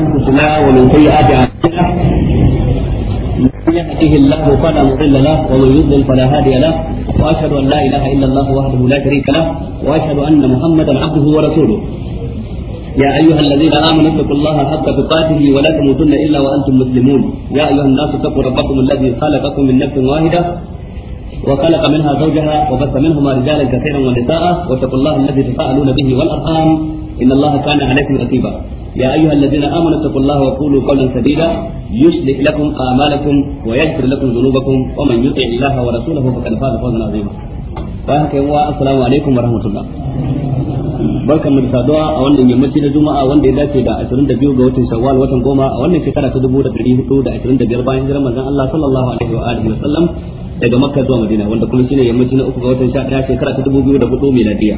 أنفسنا ومن سيئات أعمالنا من يهده الله فلا مضل له ومن يضلل فلا هادي له وأشهد أن لا إله إلا الله وحده لا شريك له وأشهد أن محمدا عبده ورسوله يا أيها الذين آمنوا اتقوا الله حق تقاته ولا تموتن إلا وأنتم مسلمون يا أيها الناس اتقوا ربكم الذي خلقكم من نفس واحدة وخلق منها زوجها وبث منهما رجالا كثيرا ونساء واتقوا الله الذي تساءلون به والأرحام إن الله كان عليكم رقيبا يا أيها الذين آمنوا اتقوا الله وقولوا قولا سديدا يصلح لكم أعمالكم ويغفر لكم ذنوبكم ومن يطع الله ورسوله فقد فاز فوزا عظيما السلام عليكم ورحمة الله barkan mu da saduwa a wannan yammaci na juma'a wanda ya dace da 22 ga watan shawwal watan goma a wannan shekara ta 1425 bayan hijirar manzon Allah sallallahu alaihi wa alihi wa sallam daga makka zuwa madina wanda kuma shine yammaci na uku ga watan 11 shekara ta 2004 miladiya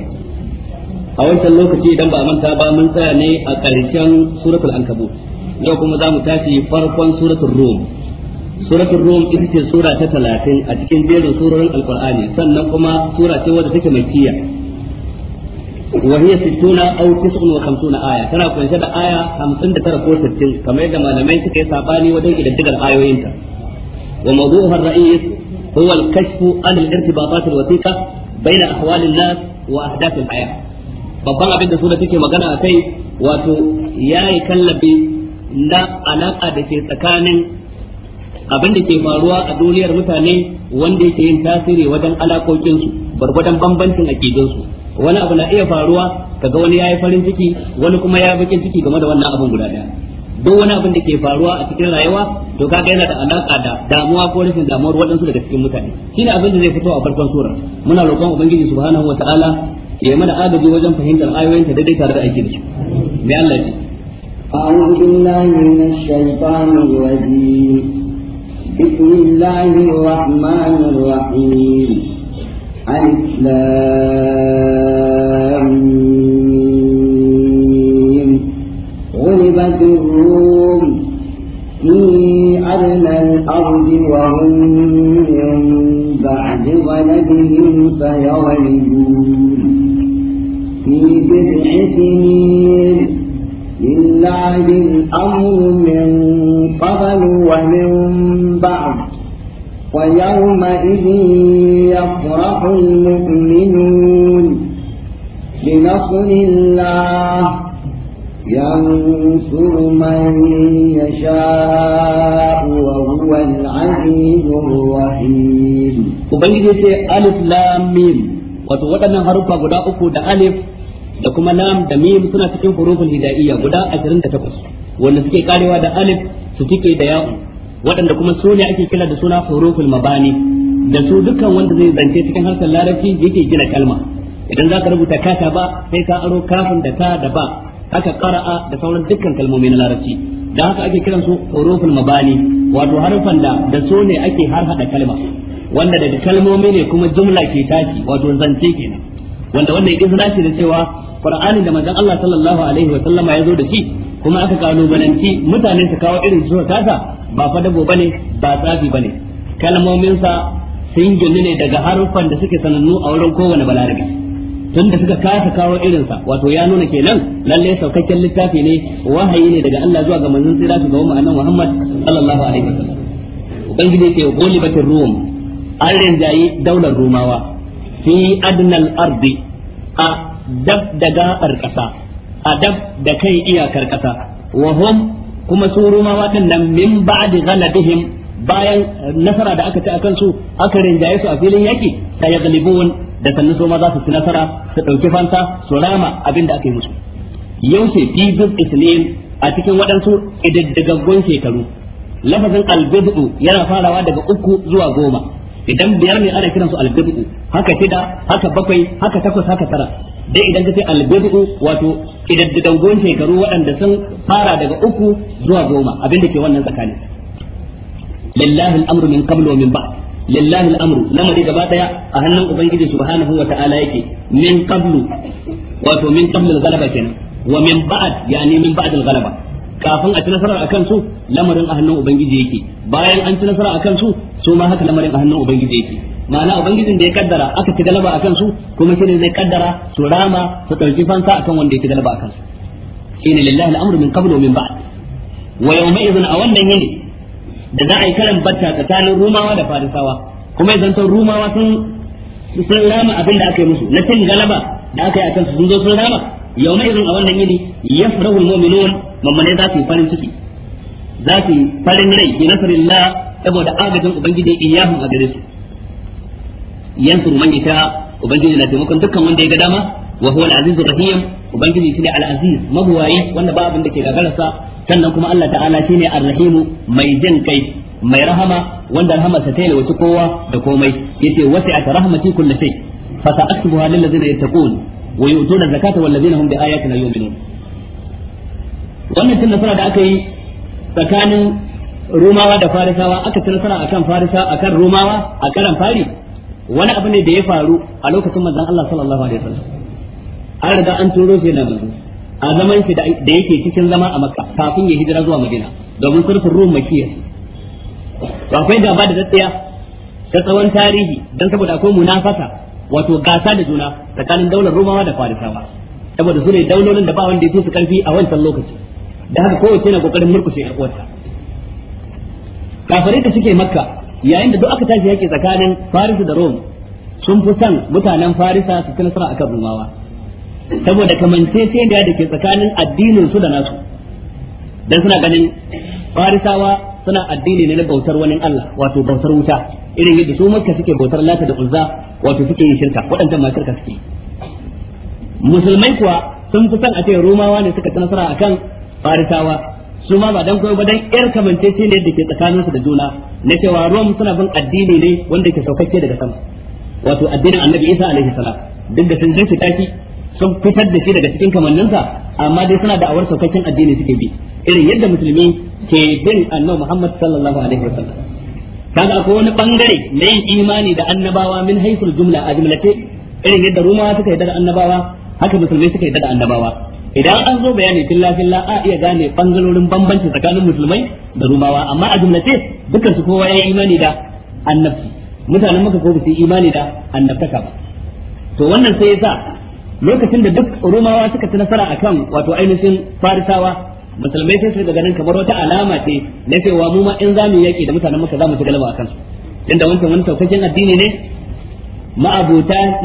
a wancan lokaci idan ba a manta ba mun tsaya ne a ƙarshen suratul ankabut yau kuma za mu tashi farkon suratul rum suratul rum ita ce sura ta talatin a cikin jerin surorin alkur'ani sannan kuma sura ce wadda take mai kiya aya, tana kunshe da aya آية ترى كل شيء آية خمسين ترى كل ستين كما يدى ما لم ينتك يساباني ودن إلى الدقل آية وينتا وموضوعها الرئيس هو الكشف عن الارتباطات الوثيقة Nas, wa الناس وأحداث الحياة babban abin da suna take magana a kai wato ya yi kallabi na alaka da ke tsakanin abin da ke faruwa a duniyar mutane wanda yake yin tasiri wajen alaƙoƙinsu barbadan bambancin akidinsu wani abu na iya faruwa kaga wani ya yi farin ciki wani kuma ya bakin ciki game da wannan abin guda ɗaya duk wani abin da ke faruwa a cikin rayuwa to kaga yana da alaƙa da damuwa ko rashin damuwar waɗansu daga cikin mutane shine abin da zai fito a farkon sura muna roƙon ubangiji subhanahu wataala ya mana agaji wajen fahimtar ayoyinta daidai tare da aiki da su mai Allah ji أعوذ بالله من الشيطان الرجيم بسم الله الرحمن الرحيم الم غلبت الروم في أدنى الأرض وهم من بعد غلبهم سيغلبون سنين لله الأمر من قبل ومن بعد ويومئذ يفرح المؤمنون بنصر الله ينصر من يشاء وهو العزيز الرحيم وبين ألف لام ميم wato من haruffa guda uku ألف da kuma lam da mim suna cikin huruful hidaiyya guda 28 wanda suke karewa da alif su tike da ya'u waɗanda kuma su ne ake kira da suna huruful mabani da su dukkan wanda zai zance cikin harshen larabci yake gina kalma idan za ka rubuta kasa ba sai ka aro kafin da ta da ba haka qara'a da sauran dukkan kalmomi na larabci da haka ake kiransu huruful mabani wato harfan da da su ne ake harhaɗa kalma wanda daga kalmomi ne kuma jumla ke tashi wato zance kenan wanda wannan idan ce da cewa qur'ani da manzon Allah sallallahu alaihi wa sallama ya zo da shi kuma aka balanci mutane su kawo irin su tasa ba fa dabo bane ba tsafi bane kalmomin sa sun ne daga haruffan da suke sanannu a wurin kowane balarabi tun da suka kasa kawo irinsa wato ya nuna kenan lalle saukakken littafi ne wahayi ne daga Allah zuwa ga manzon tsira su ga annabi Muhammad sallallahu alaihi wa sallam ubangiji ce golibatir rum an rinjayi daular rumawa fi adnal ardi a dab da gaɓar ƙasa a dab da kai iyakar ƙasa wa hum kuma su rumawa din nan min ba'di ghalabihim bayan nasara da aka ci a kansu aka rinjaye su a filin yaki ta yaglibun da sannu su ma za su ci nasara su dauki fansa su rama abin da aka yi musu yaushe fi bil islam a cikin waɗansu ƙididdagaggun shekaru lafazin albidu yana farawa daga uku zuwa goma idan biyar ne ana kiransu albidu haka shida haka bakwai haka takwas haka tara dai idan ka ce albid'u wato kididdigan shekaru waɗanda sun fara daga uku zuwa goma abin da ke wannan tsakani. lillahi al'amru min qablu wa min ba'd lillahi al'amru lamari gaba daya a hannun ubangiji subhanahu wa ta'ala yake min qablu wato min qablu al-ghalaba kenan wa min ba'd yani min ba'd al-ghalaba kafin a ci nasara akan su lamarin a hannun ubangiji yake bayan an ci nasara akan su su ma haka lamarin a hannun ubangiji yake ma'ana ubangijin da ya kaddara aka ci galaba a kansu kuma ne zai kaddara su rama su ɗauki fansa a kan wanda ya ci galaba kansu shi ne lillahi al'amru min qablu min ba'd wa yawma idhin a wannan yini da za a yi karan batta tsakanin rumawa da farisawa kuma idan to rumawa sun sun rama abin da aka yi musu na cin galaba da aka yi a kansu sun zo sun rama yawma idhin a wannan yini yafrahu almu'minun mamman za su yi farin ciki za su yi farin rai bi nasarillah saboda agajin ubangiji iyyahum a gare su yansuru man yasha ubangiji na taimakon dukkan wanda ya ga dama wa huwa al-aziz rahim ubangiji shine al-aziz mabuwayi wanda ba abin da ke gagararsa sannan kuma Allah ta'ala shine ar-rahimu mai jin kai mai rahama wanda rahamarsa ta yi kowa da komai yace wasi'at rahmati kulli shay fa sa'aktubuha lil ladzina yattaqun wa yu'tuna zakata wal ladzina hum bi ayatina yu'minun wannan cin nasara da aka yi tsakanin Rumawa da Farisawa aka ci nasara akan Farisa akan Rumawa a karan fari wani abu ne da ya faru a lokacin manzon Allah sallallahu alaihi wasallam an riga an turo shi na manzo a zaman shi da yake cikin zama a Makka kafin ya hijira zuwa Madina domin surfin ruwan makiyar to akwai gaba da tsaya ta tsawon tarihi dan saboda akwai munafasa wato gasa da juna tsakanin daular Romawa da Farisawa saboda su ne daulolin da ba wanda ya su karfi a wancan lokaci da haka kowace na kokarin murkushe ƴar uwarta kafirai da suke makka yayin da duk aka tashi yake tsakanin Faris da Rom sun fi san mutanen Farisa su ci nasara akan Rumawa saboda kamanceceniya da ke tsakanin addinin su da nasu dan suna ganin Farisawa suna addini ne na bautar wani Allah wato bautar wuta irin yadda su Makka suke bautar Lata da Uzza wato suke yin shirka waɗannan ma shirka suke musulmai kuwa sun fi san a ce Romawa ne suka ci nasara akan Farisawa su ma ba dan koyo ba dan yar kamance shi ne da ke tsakaninsu da juna na cewa ruwan suna bin addini ne wanda ke saukakke daga sama wato addinin annabi isa alaihi salam duk da sun jinsu tashi sun fitar da shi daga cikin kamanninsa amma dai suna da awar saukakken addini suke bi irin yadda musulmi ke bin annabi muhammad sallallahu alaihi wasallam kaga akwai wani bangare na yin imani da annabawa min haisul jumla a jumlace irin yadda rumawa suka yarda da annabawa haka musulmai suka yarda da annabawa idan an zo bayani filla filla a iya gane bangarorin bambanci tsakanin musulmai da rumawa amma a jumlace dukkan su kowa ya imani da annabi mutanen maka ko su imani da annabtaka ba to wannan sai yasa lokacin da duk rumawa suka ci nasara akan wato ainihin farisawa musulmai sai su ga ganin kamar wata alama ce na cewa mu ma in zamu yaki da mutanen maka zamu ci galaba akan su inda wancan wani saukakin addini ne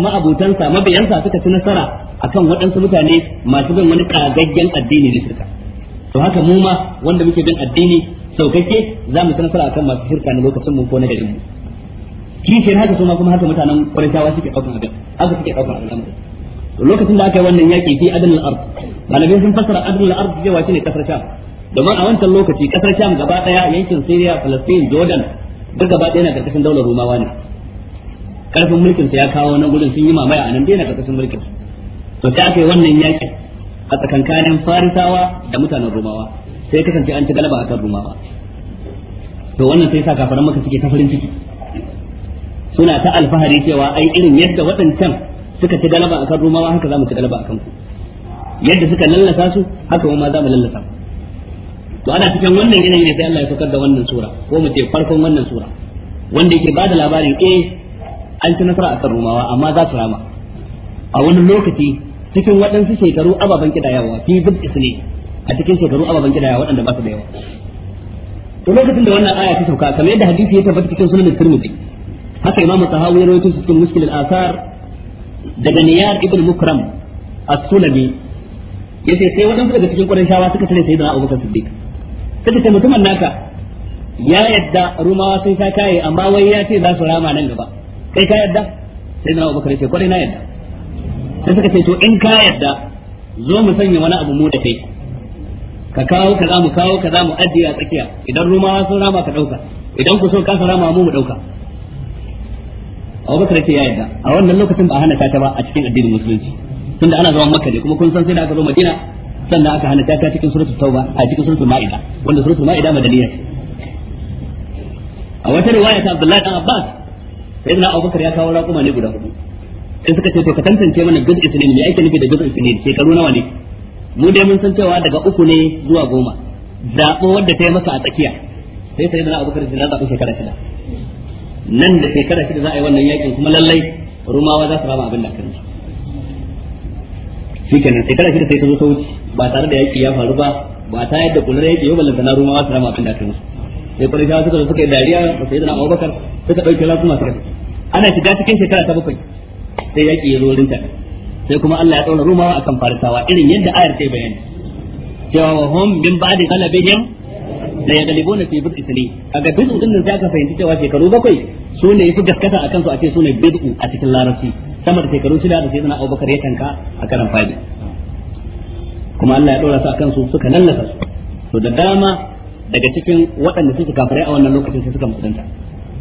ma'abutan sa mabiyansa suka ci nasara akan waɗansu mutane masu bin wani ƙagaggen addini da shirka to haka mu ma wanda muke bin addini saukake za mu sanar akan masu shirka na lokacin mu ko na garin mu kishin haka kuma kuma haka mutanen kwarantawa suke ɗaukan abin haka suke ɗaukan to lokacin da aka yi wannan yaƙi fi adana al'ard ard malamai sun fassara adal al'ard ard cewa shine kasar sham domin a wancan lokaci kasar sham gaba daya yankin syria palestine jordan duk gaba daya na karkashin daular rumawa ne karfin mulkin sa ya kawo nan gudun sun yi mamaya a nan dai na karkashin mulkin to sai aka yi wannan yakin a tsakankanin farisawa da mutanen rumawa sai kasance an ci galaba a kan rumawa to wannan sai sa kafaran maka suke ta farin ciki suna ta alfahari cewa ai irin yadda waɗancan suka ci galaba a kan rumawa haka za mu ci galaba a kanku, yadda suka lallasa su haka ma za mu lallasa to ana cikin wannan yanayi ne sai Allah ya saukar da wannan sura ko mu ce farkon wannan sura wanda yake bada labarin eh an ci nasara a kan rumawa amma za su rama a wani lokaci cikin waɗansu shekaru ababen kidayawa fi zub isne a cikin shekaru ababen kidayawa waɗanda ba su da yawa to lokacin da wannan aya ta sauka kamar yadda hadisi ya tabbata cikin sunan tirmidhi haka imamu sahawi ya rawaito cikin muskil al asar daga niyar ibn mukram as-sulami yace sai waɗansu daga cikin qurayshawa suka tare sayyidina Bakar siddiq sai ce mutumin naka ya yadda rumawa sun sha kaye amma wai ya ce za su rama nan gaba kai ka yadda sayyidina Bakar ya ce kwarai na yadda sai suka ce to in ka yarda zo mu sanya wani abu mu da kai ka kawo ka mu kawo ka mu ajiye a tsakiya idan rumawa sun rama ka dauka idan ku so ka rama mu mu dauka Abubakar Bakar ce ya yarda a wannan lokacin ba a hana ta ba a cikin addinin musulunci tunda ana zaman Makka ne kuma kun san sai da aka zo Madina sannan aka hana ta cikin suratul Tauba a cikin suratul Ma'ida wanda suratul Ma'ida madaniya ce a wata riwaya ta Abdullahi dan Abbas sai na Abubakar ya kawo raƙuma ne guda hudu sai suka ce to ka tantance mana gaz isnin me ake nufi da gaz isnin shekaru nawa ne mu dai mun san cewa daga uku ne zuwa goma zaɓo wadda ta yi masa a tsakiya sai sai da abubakar da zaɓi shekara shida nan da shekara shida za a yi wannan yakin kuma lallai rumawa za su rama abin da kan shi kenan shekara shida sai ta zo ta wuce ba tare da yaki ya faru ba ba ta yadda kullar yaki yau ballanta na rumawa su rama abin da kan sai kwarishawa suka zo suka yi dariya ba sai da abubakar suka ɗauki rasu suka ana shiga cikin shekara ta bakwai sai yaki ya zo rinta sai kuma Allah ya tsauna rumawa akan farisawa irin yadda ayar ta bayani cewa wa hum bin ba'di qalbihim la yaghlibuna fi bid'i sali. aga bid'u din da zaka fahimci cewa shekaru bakwai su ne yafi gaskata akan su a ce su ne bid'u a cikin larabci sama da shekaru shida da sai suna Abubakar ya tanka a karan fadi kuma Allah ya dora su akan su suka lallasa su to da dama daga cikin waɗanda suke kafirai a wannan lokacin sai suka mutunta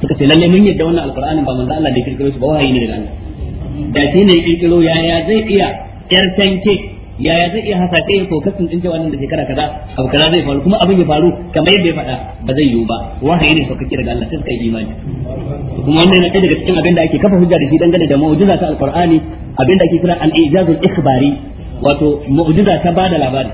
suka ce lalle mun yadda wannan alqur'anin ba manzo Allah da ya kirkiro shi ba wahayi ne daga Allah da shi ne kirkiro yaya zai iya yar tanke yaya zai iya hasashe ko fokasin din cewa nan da shekara kaza abu kaza zai faru kuma abin ya faru kamar yadda ya faɗa ba zai yiwu ba wahayi ne saukake daga Allah sai suka yi imani kuma wannan yana daga cikin abin da ake kafa hujja da shi dangane da mu'jiza ta alqur'ani abin da ake kira al-ijazul ikhbari wato mu'jiza ta bada labari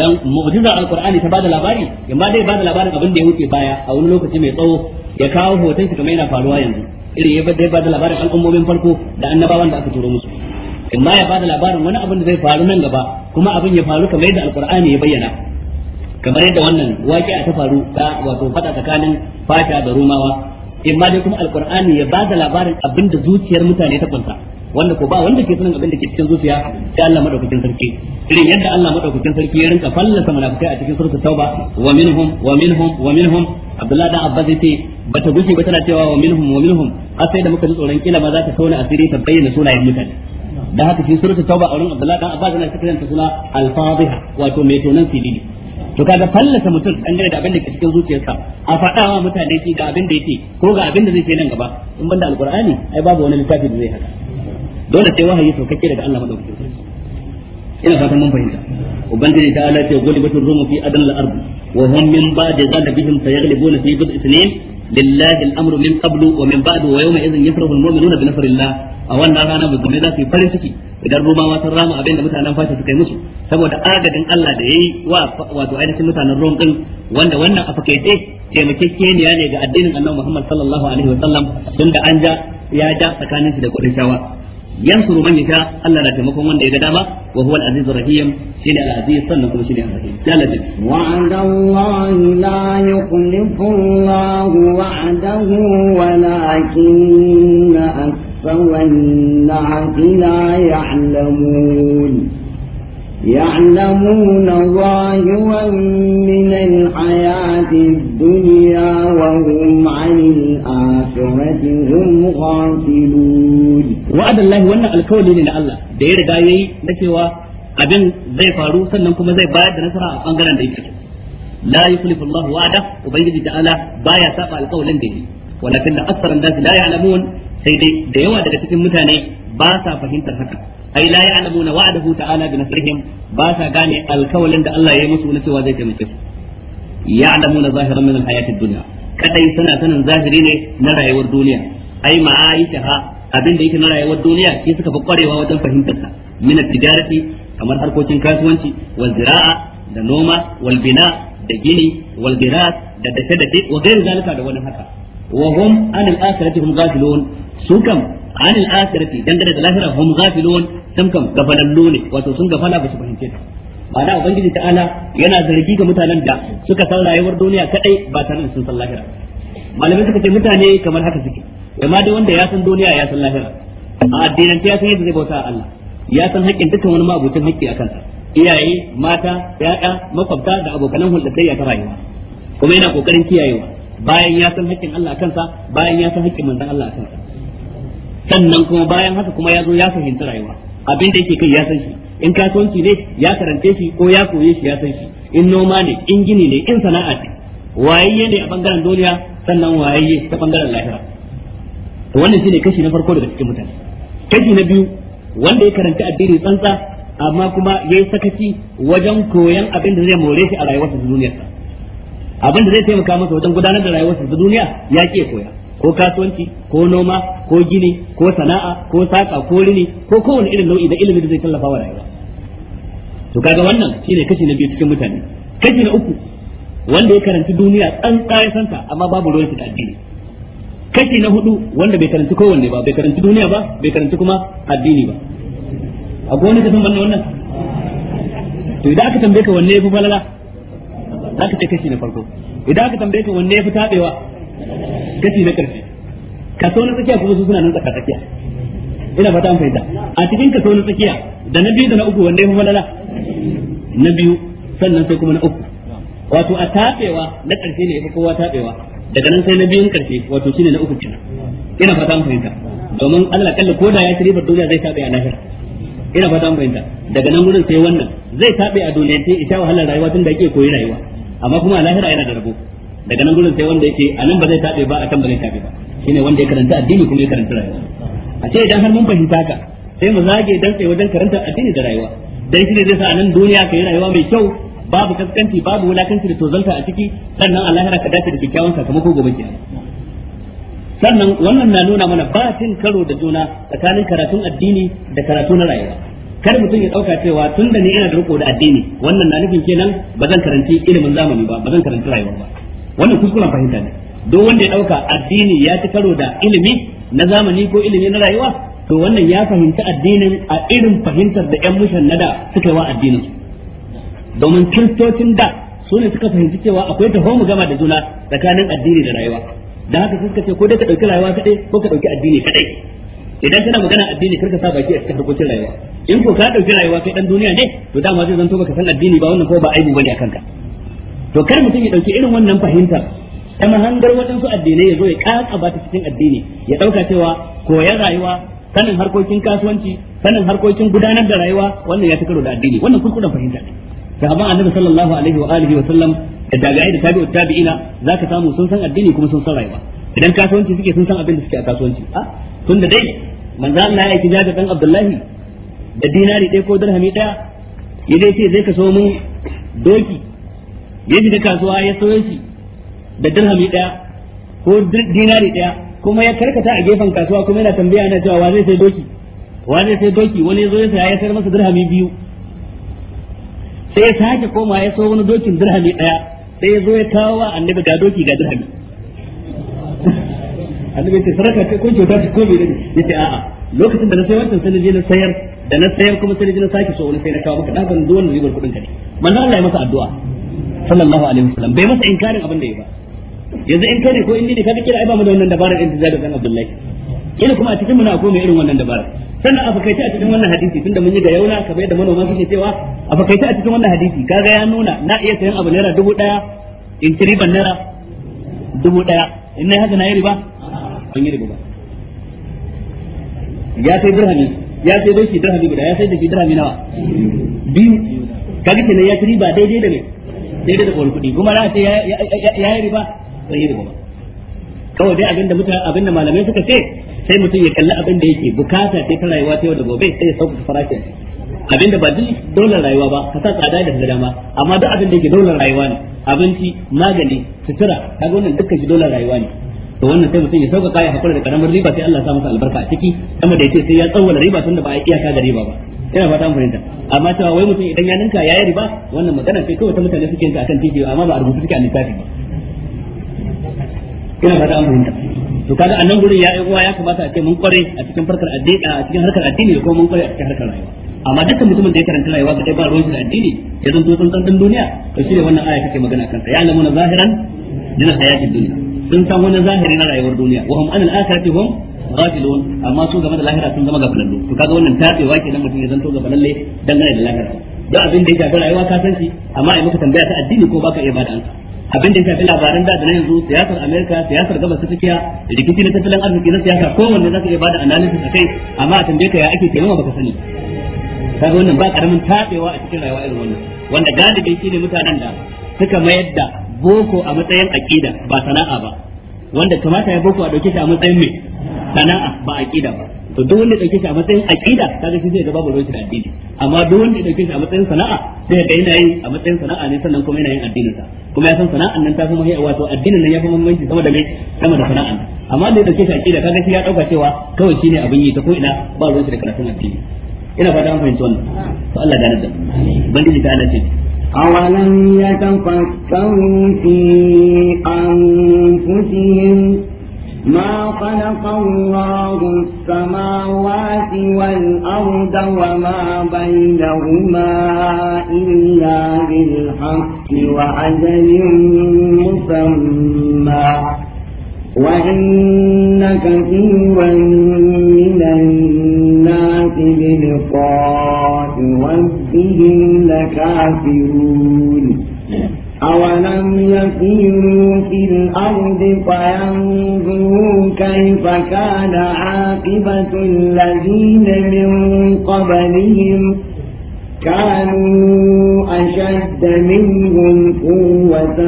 dan mu'jizar alqur'ani ta bada labari amma dai bada labarin abin da ya wuce baya a wani lokaci mai tsawo ya kawo hoton shi kamar yana faruwa yanzu irin ya bada ba labarin al'ummomin farko da annabawan da aka turo musu ma ya bada labarin wani abin da zai faru nan gaba kuma abin ya faru kamar yadda alqur'ani ya bayyana kamar yadda wannan a ta faru ta wato fada tsakanin fata da rumawa ma dai kuma alqur'ani ya bada labarin abin da zuciyar mutane ta kunsa wanda ko ba wanda ke sanin abin da ke cikin zuciya sai Allah madaukakin sarki irin yadda Allah madaukakin sarki ya rinka fallasa munafikai a cikin suratul tauba wa minhum wa minhum wa minhum Abdullahi da Abbas yace bata gushe ba tana cewa wa minhum wa minhum har sai da muka ji tsoron kila ma za ta tauna asiri ta bayyana sunayen mutane da haka cikin suratul tauba a wurin Abdullahi da Abbas yana cikin suna al-fadhiha wato mai tonan sidi to kaga fallasa mutum dangane da abin da ke cikin zuciyarsa a faɗa wa mutane shi da abin da yake ko ga abin da zai ce nan gaba in banda alqur'ani ai babu wani littafi da zai haka dole sai wahayi saukakke daga Allah madaukakin ina fatan mun fahimta ubangiji ta ala ce rumu fi adan al-ard wa hum min ba'di ghalabihim sayaghlibuna fi bid'i sinin lillahi al-amru min qablu wa min ba'du wa yawma idhin yafrahu al-mu'minuna bi nasrillah a wannan rana musulmai za su yi farin ciki idan rumawa sun rama abin da mutanen fashi suka yi musu saboda agadin Allah da yayi wa wato ainihin mutanen rom din wanda wannan a fakaice taimakekeniya ne ga addinin Annabi Muhammad sallallahu alaihi wa sallam tunda an ja ya ja tsakanin shi da yansuru man yasha Allah na taimakon wanda ya ga dama wa huwa al-azizur rahim shine al-aziz sannan kuma shine al-rahim ya Allah wa الناس لا يعلمون يعلمون ظاهرا من الحياة الدنيا وهم عن الآخرة هم غافلون alkawli wa'adallahi wannan alkawli ne na Allah da ya riga yayi na cewa abin zai faru sannan kuma zai bayar da nasara a bangaren da yake la yukhlifu Allah wa'ada ubangiji ta'ala baya saba alkawlin da yake walakin da aktsaran nas la ya'lamun sai dai da yawa daga cikin mutane ba sa fahimtar haka ai la ya'lamuna wa'adahu ta'ala bi nasrihim ba sa gane alkawalin da Allah ya yi musu na cewa zai taimake su ya'lamuna zahiran min alhayatid dunya kadai suna sanin zahiri ne na rayuwar duniya ai abin da yake na rayuwar duniya shi suka fi kwarewa wajen fahimtar sa min tijarati kamar harkokin kasuwanci wal zira'a da noma wal bina da gini wal giras da dace dace wa gairu zalika da wani haka wa hum anil akhirati hum ghafilun su kam anil akhirati dangane da lahira hum ghafilun sun kam gafalallu ne wato sun gafala ba su fahimce ta ma'ana ubangiji ta'ala yana zargi ga mutanen da suka san rayuwar duniya kadai ba tare da sun san lahira malamai suka ce mutane kamar haka suke amma dai wanda ya san duniya ya san lahira a addinance ya san yadda zai bauta Allah ya san haƙƙin dukkan wani ma'abucin haƙƙi a kansa iyaye mata yaya makwabta da abokanan hulɗatayya ta rayuwa kuma yana kokarin kiyayewa bayan ya san haƙƙin Allah a kansa bayan ya san haƙƙin manzon Allah a kansa sannan kuma bayan haka kuma ya zo ya fahimci rayuwa abin da yake kai ya san shi in kasuwanci ne ya karante shi ko ya koye shi ya san shi in noma ne in gini ne in sana'a ce wayayye ne a bangaren duniya sannan wayayye ta bangaren lahira to wannan shine kashi na farko daga cikin mutane kashi na biyu wanda ya karanta addini tsantsa amma kuma ya yi sakaci wajen koyan abin da zai more shi a rayuwarsa ta duniya abin da zai taimaka masa wajen gudanar da rayuwarsa ta duniya ya ke koya ko kasuwanci ko noma ko gini ko sana'a ko saka ko rini ko kowane irin nau'i da ilimi da zai tallafa wa rayuwa to kaga wannan shine kashi na biyu cikin mutane kashi na uku wanda ya karanta duniya tsantsa ya santa amma babu ruwan da addini kashi na hudu wanda bai karanci kowanne ba bai karanci duniya ba bai karanci kuma addini ba akwai wani tafin banne wannan to idan aka tambaye ka wanne yafi falala zaka ce kashi na farko idan aka tambaye ka wanne yafi tabewa kashi na karshe kaso na tsakiya kuma su suna nan tsaka tsakiya ina fata an fahimta a cikin kaso na tsakiya da na biyu da na uku wanne yafi falala na biyu sannan sai kuma na uku wato a tabewa na karshe ne yafi kowa tabewa daga nan sai na biyun karfe wato shine na uku kenan ina fata mun fahimta domin Allah kalla ko da ya ci ba duniya zai tabe a lahira ina fata mun fahimta daga nan gurin sai wannan zai tabe a duniya sai ita wahalar rayuwa tun da yake koyi rayuwa amma kuma a lahira yana da rabo daga nan gurin sai wanda yake a nan ba zai tabe ba a kan ba zai tabe ba shine wanda ya karanta addini kuma ya karanta rayuwa a ce idan har mun fahimta ka sai mu zage dan sai wajen karanta addini da rayuwa dan shine zai sa a nan duniya kai rayuwa mai kyau babu kaskanci babu wulakanci da tozalta a ciki sannan a lahira ka dace da kyakkyawan sakamako gobe kiyama sannan wannan na nuna mana ba cin karo da juna tsakanin karatun addini da karatu na rayuwa kar mutum ya dauka cewa tun da ni ina da riko da addini wannan na nufin kenan ba zan karanci ilimin zamani ba ba zan karanci rayuwa ba wannan kuskuren fahimta ne duk wanda ya dauka addini ya ci karo da ilimi na zamani ko ilimi na rayuwa to wannan ya fahimci addinin a irin fahimtar da yan mushan nada suka yi wa addinin domin kiristocin da su ne suka fahimci cewa akwai taho mu gama da juna tsakanin addini da rayuwa da haka suka ce ko dai ka ɗauki rayuwa kaɗai ko ka ɗauki addini kaɗai idan kana magana addini kar ka sa baki a cikin harkokin rayuwa in ko ka ɗauki rayuwa kai ɗan duniya ne to dama zai zanto baka san addini ba wannan ko ba aibu bane a kanka to kar mutum ya ɗauki irin wannan fahimtar ta mahangar waɗansu addinai ya zo ya ƙaƙa ba ta cikin addini ya ɗauka cewa koyar rayuwa sanin harkokin kasuwanci sanin harkokin gudanar da rayuwa wannan ya fi karo da addini wannan fahimta ne sahabban annabi sallallahu alaihi wa alihi wa sallam da dagai da tabi'u tabi'ina zaka samu sun san addini kuma sun san rayuwa idan kasuwanci suke sun san abin da suke a kasuwanci a tun da dai manzo Allah ya yi jaga dan Abdullahi da dinari ɗaya ko dirhami ɗaya ya dai ce zai kaso mun doki ya da kasuwa ya sayo shi da dirhami ɗaya ko dinari ɗaya kuma ya karkata a gefen kasuwa kuma yana tambaya yana cewa wa zai sai doki wa zai sai doki wani ya zo ya saya ya sayar masa dirhami biyu sai ya sake koma ya so wani dokin dirhami daya sai ya zo ya kawo wa annabi ga doki ga dirhami annabi ce saraka ce ko kyauta ce ko bai dade yace a'a lokacin da na sai wancan sai na je na sayar da na sayar kuma sai na je na sake so wani sai na kawo maka dan ban wannan ribar kudin ka ne manzo Allah ya masa addu'a sallallahu alaihi wasallam bai masa inkarin abin da ya ba yanzu in kai ne ko in ne kaga kira ai ba mu da wannan dabarar intizabi dan Abdullahi yana kuma a cikin muna ko mai irin wannan dabara sannan a fakaice a cikin wannan hadisi tunda mun yi ga yauna kamar yadda manoma suke cewa a fakaice a cikin wannan hadisi kaga ya nuna na iya sayan abu naira dubu daya in ci riban naira dubu daya in na haka na yi riba ban yi riba ba ya sai birhami ya sai doki dirhami guda ya sai da shi dirhami nawa biyu kaga kenan ya ci riba daidai da me daidai da kowar kuɗi kuma za a ce ya yi riba ban yi riba ba kawai dai abinda mutane abinda malamai suka ce sai mutum ya kalli abin da yake bukata sai ta rayuwa ta yau da gobe sai ya sauka farashin abin da ba dole rayuwa ba ka sa tsada da dama amma duk abin da yake dole rayuwa ne abinci magani sutura kaga wannan duka shi dole rayuwa ne to wannan sai mutum ya sauka kaya hakuri da karamar riba sai Allah ya sa masa albarka a ciki kuma da yace sai ya tsawwala riba tunda ba a iyaka da riba ba ina fata mun fahimta amma cewa wai mutum idan ya ninka yayi riba wannan magana sai kawai ta mutane suke yin ta akan titi amma ba a rubutu suke a littafi ba ina fata mun fahimta to kaga a nan gurin ya yi uwa ya kamata a ce mun kware a cikin farkar addini a cikin harkar addini da kuma mun kware a cikin harkar rayuwa amma dukkan mutumin da ya karanta rayuwa ga ba ruwan da addini ya zanto sun san duniya to shi ne wannan aya take magana ta ya na zahiran min hayatin duniya sun san wannan zahiri na rayuwar duniya wa hum anil akhirati hum ghafilun amma su game da lahira sun zama gafalallu to kaga wannan tabewa kenan mutum ya zanto gafalalle dangane da lahira da abin da ya shafi rayuwa ka san shi amma ai maka tambaya ta addini ko baka iya bada ansa abin da ya shafi labaran da na yanzu siyasar Amerika siyasar gabas ta tsakiya rikici na tattalin arziki na siyasa ko za zaka iya bada analysis akai amma a tambaye ka ya ake taimaka baka sani kaga wannan ba karamin tabewa a cikin rayuwa irin wannan wanda galibi shine mutanen da suka mayar da boko a matsayin aqida ba sana'a ba wanda kamata ya boko a dauke shi a matsayin me sana'a ba aqida ba to duk wanda dauke shi a matsayin aqida kaga shi zai ga babu ruwan addini amma duk wanda ya dauke shi a matsayin sana'a sai ga yana yi a matsayin sana'a ne sannan kuma yana yin addinin sa kuma ya san sana'an nan ta fi muhimmanci wato addinin nan ya fi muhimmanci sama da mai sama da sana'an amma da ya dauke shi aqida kaga shi ya dauka cewa kawai shi ne abin yi ta ko ina ba ruwan shi da karatun addini ina fata an fahimci wannan to Allah ya gane da ubangiji ta Allah ce awalan أولم يتفكروا في أنفسهم ما خلق الله السماوات والأرض وما بينهما إلا بالحق وعدل مسمى وإن كثيرا من الناس بلقاء ربهم لكافرون أولم يسيروا الأرض فينظروا كيف كان عاقبة الذين من قبلهم كانوا أشد منهم قوة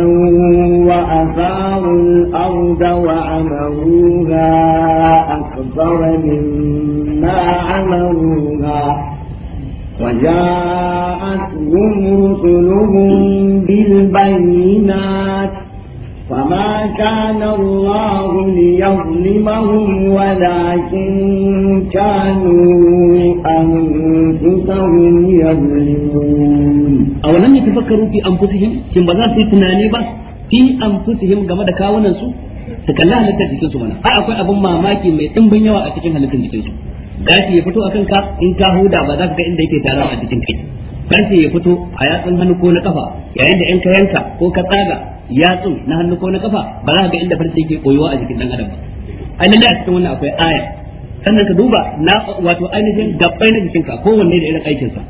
وأثاروا الأرض وعمروها أكثر مما عمروها وجاءتهم رسلهم بالبينات كان الله ليظلمهم ولكن كانوا أنفسهم يظلمون أولم يتفكروا في أنفسهم كم بذا في تناني بس في أنفسهم قمد كاونا سوء su kalli halittar jikinsu mana ai akwai abin mamaki mai ɗimbin yawa a cikin halittar jikinsu gashi ya fito akan ka in ka huda ba za ka ga inda yake tarawa a cikin kai karfe ya fito a yatsun hannu ko na kafa yayin da yan ka yanka ko ka tsaga yatsun na hannu ko na kafa ba za ka ga inda farce yake koyuwa a jikin dan adam ba ai a cikin wannan akwai aya sannan ka duba na wato ainihin gabbai na jikinka wanne da irin sa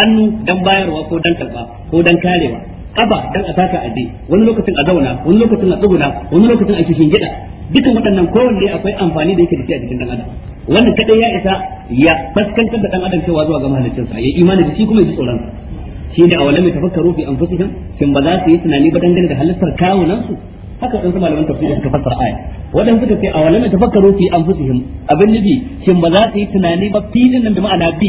hannu dan bayarwa ko dan karba ko dan karewa kafa dan a taka aje wani lokacin a zauna wani lokacin a tsuguna wani lokacin a cikin gida dukan waɗannan kowanne akwai amfani da yake da shi a jikin dan adam wannan kadai ya isa ya fuskantar da dan adam cewa zuwa ga sa ya imani da shi kuma ya tsoron shi da a mai ya tafakkaru fi anfusihim shin ba za su yi tunani ba dangane da halittar kawunan su haka ɗan sama malaman tafsiri suka fassara aya wadan suka ce a walam ya tafakkaru fi anfusihim abin nabi shin ba za su yi tunani ba filin nan da ma'ana bi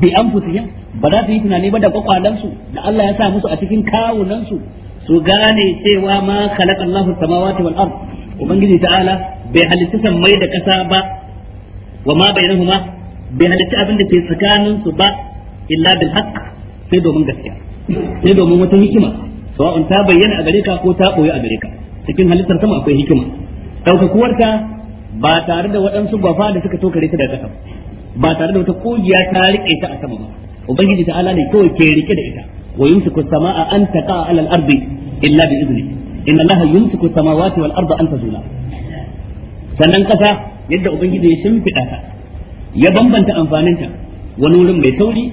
bi anfusihim ba za su yi tunani ba da kwakwalan su da Allah ya sa musu a cikin kawunan su su gane cewa ma khalaqa Allahu samawati wal ard ubangiji ta'ala bai halitta mai da kasa ba wa ma bai bainahuma bai halitta abin da ke tsakanin su ba illa bil haqq sai domin gaskiya sai domin wata hikima sawa'un ta bayyana a gare ka ko ta koyi a gare ka cikin halittar sama akwai hikima daukakuwarta ba tare da waɗansu gwafa da suka tokare ta daga sama ba tare da wata kugiya ta rike ta a sama ba ubangiji ta'ala ne kawai ke rike da ita wa yumsiku samaa an taqa ala al-ardi illa bi izni inna allaha yumsiku samawati wal arda an tazula sannan kasa yadda ubangiji ya shimfida ta ya bambanta amfaninta wani wurin mai tauri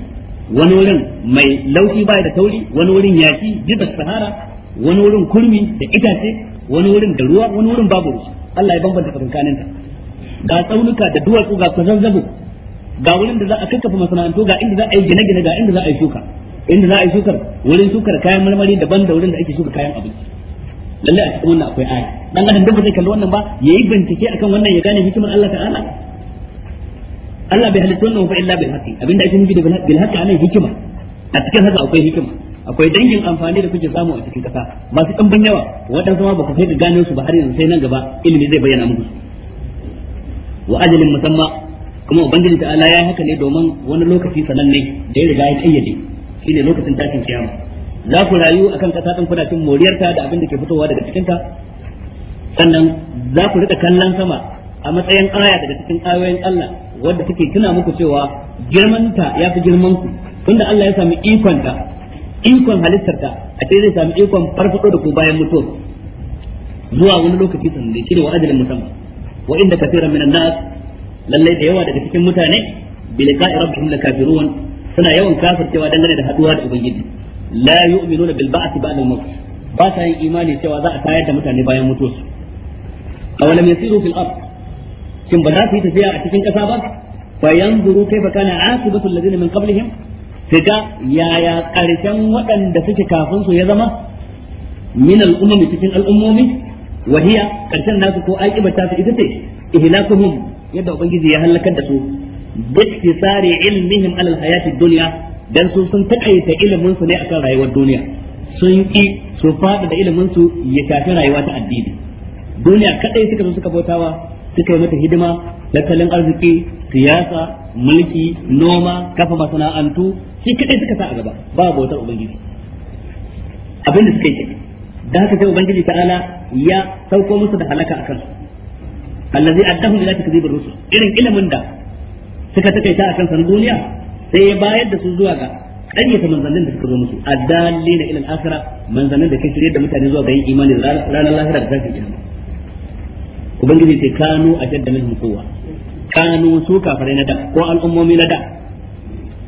wani wurin mai lauki baya da tauri wani wurin yaki jibar sahara wani wurin kurmi da itace wani wurin da ruwa wani wurin babu ruwa Allah ya bambanta tsakaninta ga tsaunuka da duwatsu ga kwazazzabo ga wurin da za a kakkafa masana'antu ga inda za a yi gine-gine ga inda za a yi shuka inda za a yi shukar wurin shukar kayan marmari daban da wurin da ake shuka kayan abinci lalle a cikin wannan akwai aya dan adam da ba zai kalli wannan ba yayi bincike akan wannan ya gane hikimar Allah ta'ala Allah bai halitta wannan ba illa bil haqqi abinda ake nufi da bil haqqi anan hikima a cikin haka akwai hikima akwai dangin amfani da kuke samu a cikin kasa masu ɗanban yawa waɗansu ma ba ku sai ga gane su ba har yanzu sai nan gaba ilimi zai bayyana muku wa ajalin musamma kuma ubangiji ta'ala ya haka ne domin wani lokaci sananne da ya riga ya kayyade shine lokacin tashin kiyama za ku rayu a kan kasa ɗin kuna cin moriyarta da abin da ke fitowa daga cikinta sannan za ku rika kallon sama a matsayin aya daga cikin ayoyin Allah wadda take tuna muku cewa girmanta ya fi girman ku tunda Allah ya sami ta ikon halittarta a ce zai sami ikon farfado da ku bayan mutuwa zuwa wani lokaci sannan da ne wa ajalin musamman wa inda kafiran minan nas lallai da yawa daga cikin mutane bilqa'i liqa'i rabbihim lakafirun suna yawan kafircewa dangane da haduwa da ubangiji la yu'minuna bil ba'thi ba'da al-maut ba ta yin imani cewa za a tayar da mutane bayan mutuwarsu awalam yasiru fil ard kin ba za su yi tafiya a cikin kasa ba fa yanzuru kaifa kana asibatu alladhina min qablihim kaga yaya karshen waɗanda suke kafin su ya zama min al cikin al'ummomi. ummomi wa hiya karshen nasu ko aqibata su ita ce ihlakuhum yadda ubangiji ya halakar da su bi iktisari ilmihim ala al-hayati ad dan sun sun takaita ilimin su ne akan rayuwar duniya sun ki su fada da ilimin su ya shafi rayuwa ta addini duniya kadai suka zo suka bautawa suka yi mata hidima tattalin arziki siyasa mulki noma kafa masana'antu shi kadai suka sa a gaba ba bautar ubangiji abin da suka yi da haka sai ubangiji ta'ala ya sauko musu da halaka akan allazi addahum ila takdibir rusul irin ilimin da suka takaita akan san duniya sai ya bayar da su zuwa ga ƙaryata manzannin da suka zo musu addallina na ilin asira manzannin da ke shirye da mutane zuwa ga yin imani ranar lahira da zafin kiyama ubangiji sai kanu a jadda min kowa kanu su kafirai na da ko al'ummomi na da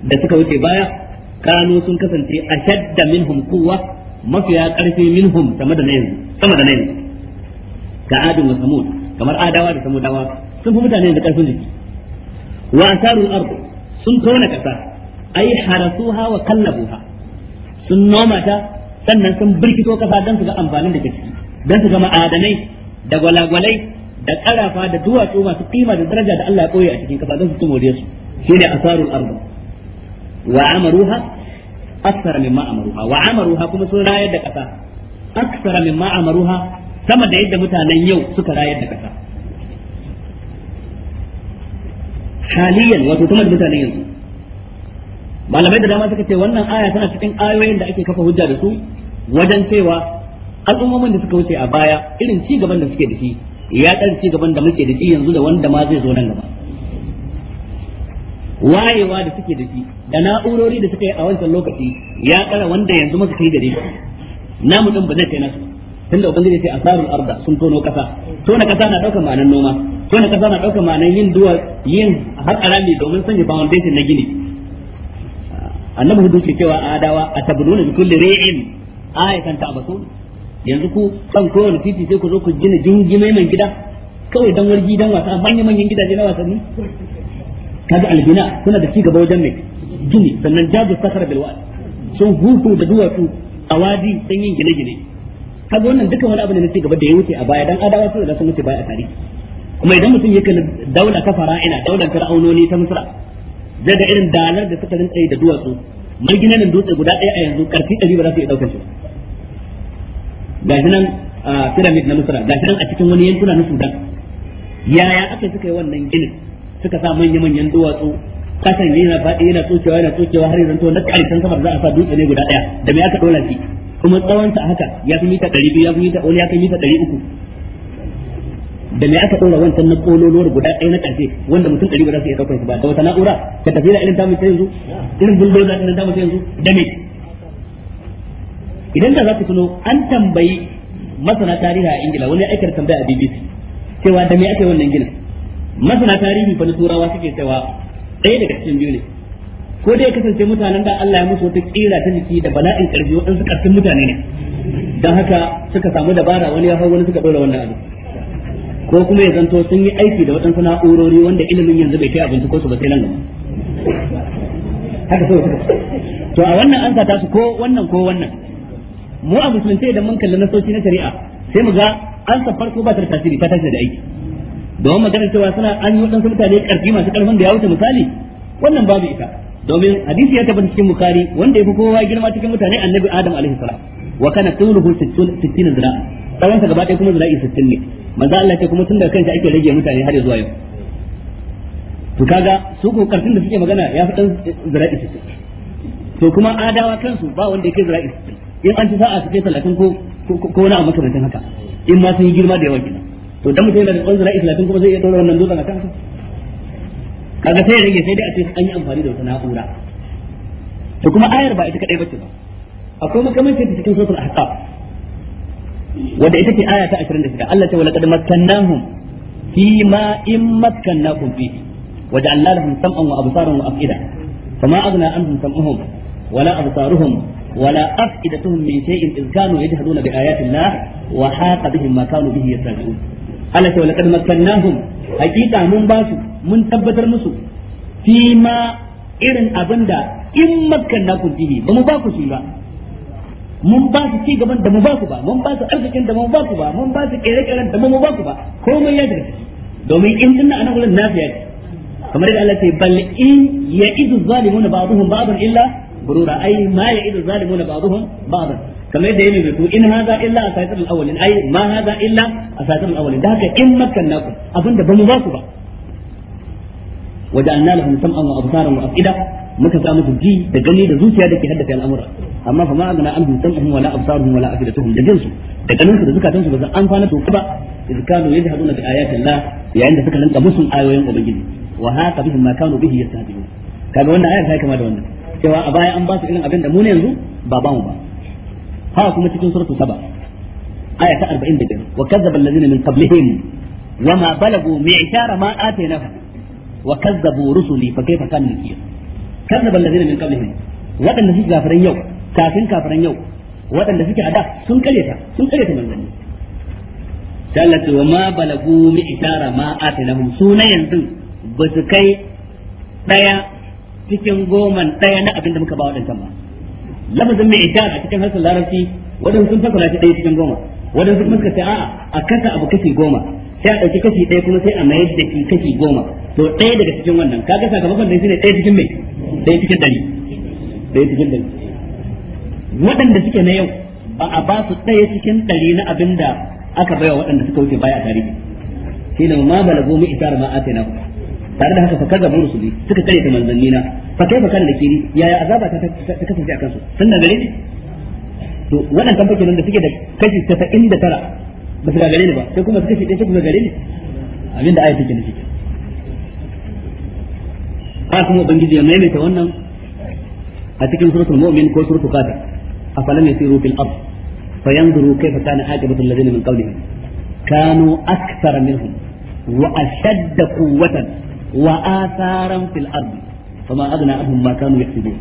da suka wuce baya kanu sun kasance a shadda minhum kowa mafiya min minhum sama da na yanzu sama da na yanzu ka adin wa samud kamar adawa da dawa sun fi mutane da ƙarfin jiki wa asarul ardu sun tona kasa ai harasuha wa kallabuha sun noma ta sannan sun birkito kasa don su ga amfanin da ciki don su ga ma'adanai da gwalagwalai da karafa da duwatsu masu kima da daraja da Allah ya koya a cikin kasa don su tumore su shine asarul ardh wa amaruha akthar mimma amaruha wa amaruha kuma sun rayar da kasa akthar mimma amaruha sama da yadda mutanen yau suka rayar da kasa haliyan wato kuma da mutane yanzu malamai da dama suka ce wannan aya tana cikin ayoyin da ake kafa hujja da su wajen cewa al'ummomin da suka wuce a baya irin ci gaban da suke da shi ya ɗan ci gaban da muke da shi yanzu da wanda ma zai zo nan gaba wayewa da suke da shi da na'urori da suka yi a wancan lokaci ya ƙara wanda yanzu masu kai gare shi namu din ba zai kai nasu tunda ubangiji ce asarul arda sun tono kasa tona kasa na daukar ma'anar noma tona kasa na daukar ma'anar yin duwa yin har arami domin sanya foundation na gini annabi hudu ke cewa adawa atabduna bi kulli ri'in ayatan ta'basun yanzu ku kan kowane titi sai ku zo ku gina jingime mai gida kawai dan wargi dan wasa manyan manyan gidaje na wasanni kaga albina kuna da ci gaba wajen mai gini sannan jazu sakara bil sun hutu da duwatsu a wadi sanyin yin gine-gine kaga wannan duka wani abu ne na cigaba da ya wuce a baya dan adawa sun da sun wuce baya a tarihi kuma idan mutum yake na daula kafara ina daular fir'aunoni ta misra zai ga irin dalar da suka rinka yi da duwatsu marginanin dutse guda ɗaya a yanzu karfi ɗari ba za su iya ɗaukar shi ga shi nan a pyramid na misra ga shi nan a cikin wani yankuna na sudan yaya aka suka yi wannan ginin suka sa manya-manyan duwatsu kasan yana faɗi yana tsokewa yana tsokewa har yanzu to na ƙarshen samar za a sa dutse ne guda ɗaya da me aka ɗola shi kuma tsawon ta haka ya fi mita biyu ya fi mita wani ya kai mita uku da me aka ɗora wancan na ƙololuwar guda ɗaya na ƙarfe wanda mutum ɗari ba za su iya ɗaukar su ba da wata na'ura ta tafi da irin tamu ta yanzu irin buldoza irin tamu ta yanzu da me idan da za ku tuno an tambayi masana tarihi a ingila wani aikata tambaya a bbc cewa da me ake wannan gina masana tarihi fa na turawa suke cewa ɗaya daga cikin biyu ne ko dai kasance mutanen da Allah ya musu wata kira ta jiki da bala'in karfi waɗansu karfin mutane ne don haka suka samu dabara wani ya hau wani suka ɗora wannan abu ko kuma ya zanto sun yi aiki da waɗansu na'urori wanda ilimin yanzu bai kai abinci ko su ba sai nan gaba haka sai to a wannan an ta su ko wannan ko wannan mu a musulunci idan mun kalli nasoci na shari'a sai mu ga an sa farko ba ta tasiri ta tashi da aiki domin magana cewa suna an yi waɗansu mutane ƙarfi masu ƙarfin da ya wuce misali wannan babu ita domin hadisi ya tabbata cikin bukari wanda yafi kowa girma cikin mutane annabi adam alaihi salam wa kana tuluhu 60 zira'a tsawon sa gaba ɗaya kuma zira'i 60 ne manzo Allah ya ce kuma tun da kansa ake rage mutane har zuwa yau to kaga su ko karfin da suke magana ya fi dan zira'i 60 to kuma adawa kansu ba wanda yake zira'i 60 in an ci sa'a su kai 30 ko ko wani abu makamantan haka in ma sun yi girma da yawa kenan to dan mutum yana da tsawon zira'i 30 kuma zai iya dora wannan dutsen a kansa kaga sai rage sai dai a ce an yi amfani da wata na'ura to kuma ayar ba ita kadai bace ba akwai makamancin ta cikin suratul ahqaf wanda ita ce aya ta 26 Allah ta wala qad makkannahum fi ma in makkannakum fihi waja'alna lahum sam'an wa absaran wa af'ida fama aghna anhum sam'uhum wala absaruhum ولا أفئدتهم من شيء إذ كانوا يجهدون بآيات الله وحاق بهم ما كانوا به يستهزئون Allah ce walaqad makkannahum hakika mun ba su mun tabbatar musu fi ma irin abinda in makkannakum fihi ba mu ba ku shi ba mun ba su ci gaban da mu ba ku ba mun ba su arzikin da mu ba ku ba mun ba su kere-keren da mu ba ku ba komai ya daga domin in dinna ana gurin nafiya ce kamar da Allah ce bal in ya ya'idu zalimuna ba'dhum ba'dhan illa burura ai ma ya ya'idu zalimuna ba'dhum ba'dhan kamar da yake rubutu in haza illa asatirul awwalin ai ma haza illa asatirul awwalin da haka in makkannakum abinda bamu ba ku ba wajen waja'alna lahum sam'an wa absaran wa af'ida muka sa musu ji da gani da zuciya da ke haddace al'amura amma fa ma agana an dutsan hum wala absaruhum wala afidatuhum da jinsu da ganin su da zukatan su ba an fana to ba idh kanu yajhaduna bi ayati Allah yayin da suka lanka musun ayoyin ubangiji wa haka bihim ma kanu bihi yastahzi'un kaga wannan ayar ta kama da wannan cewa a baya an ba su irin abin da mu ne yanzu ba ba mu ba ha kuma cikin suratul saba aya ta 45 wa kazzaba allazina min qablihim wa ma balagu mi mi'tara ma atainahu wa kazzabu rusuli fa kaifa kana nakir kazzaba allazina min qablihim wadanda suke kafiran yau kafin kafiran yau wadanda suke ada sun kareta sun kareta manzanni sai wa ma balagu mi mi'tara ma atainahu suna yanzu ba su kai daya cikin goman daya na abinda muka ba wadancan ba lafazin mai ita a cikin harsun larabci wadan sun fasara shi ɗaya cikin goma wadan sun suka ce a'a a kasa abu kashi goma sai a ɗauki kashi ɗaya kuma sai a mayar da shi kashi goma to ɗaya daga cikin wannan kaga sakamakon da shine ɗaya cikin mai ɗaya cikin dari ɗaya cikin dari waɗanda suke na yau ba a ba su ɗaya cikin ɗari na abin da aka baiwa waɗanda suka wuce baya a tarihi shi ne ma balagu mu isar ma atena tare da haka fa kaza mun rusuli suka kare ta manzanni na fa kai fa da kiri yaya azaba ta ta kasance a kansu, tun da gare ni to wannan kan nan da suke da kashi 99 ba su ga gare ni ba sai kuma su kashi ɗaya su ga gare ni abin da ayatu ke nufi ha kuma ubangiji ya maimaita wannan a cikin suratul mu'min ko suratul qadar afalam yasiru fil ard fayanzuru kayfa kana aqibatu alladhina min qawlihim kanu akthara minhum wa ashadda quwwatan وآثارا في الأرض فما أغنى عنهم ما كانوا يكسبون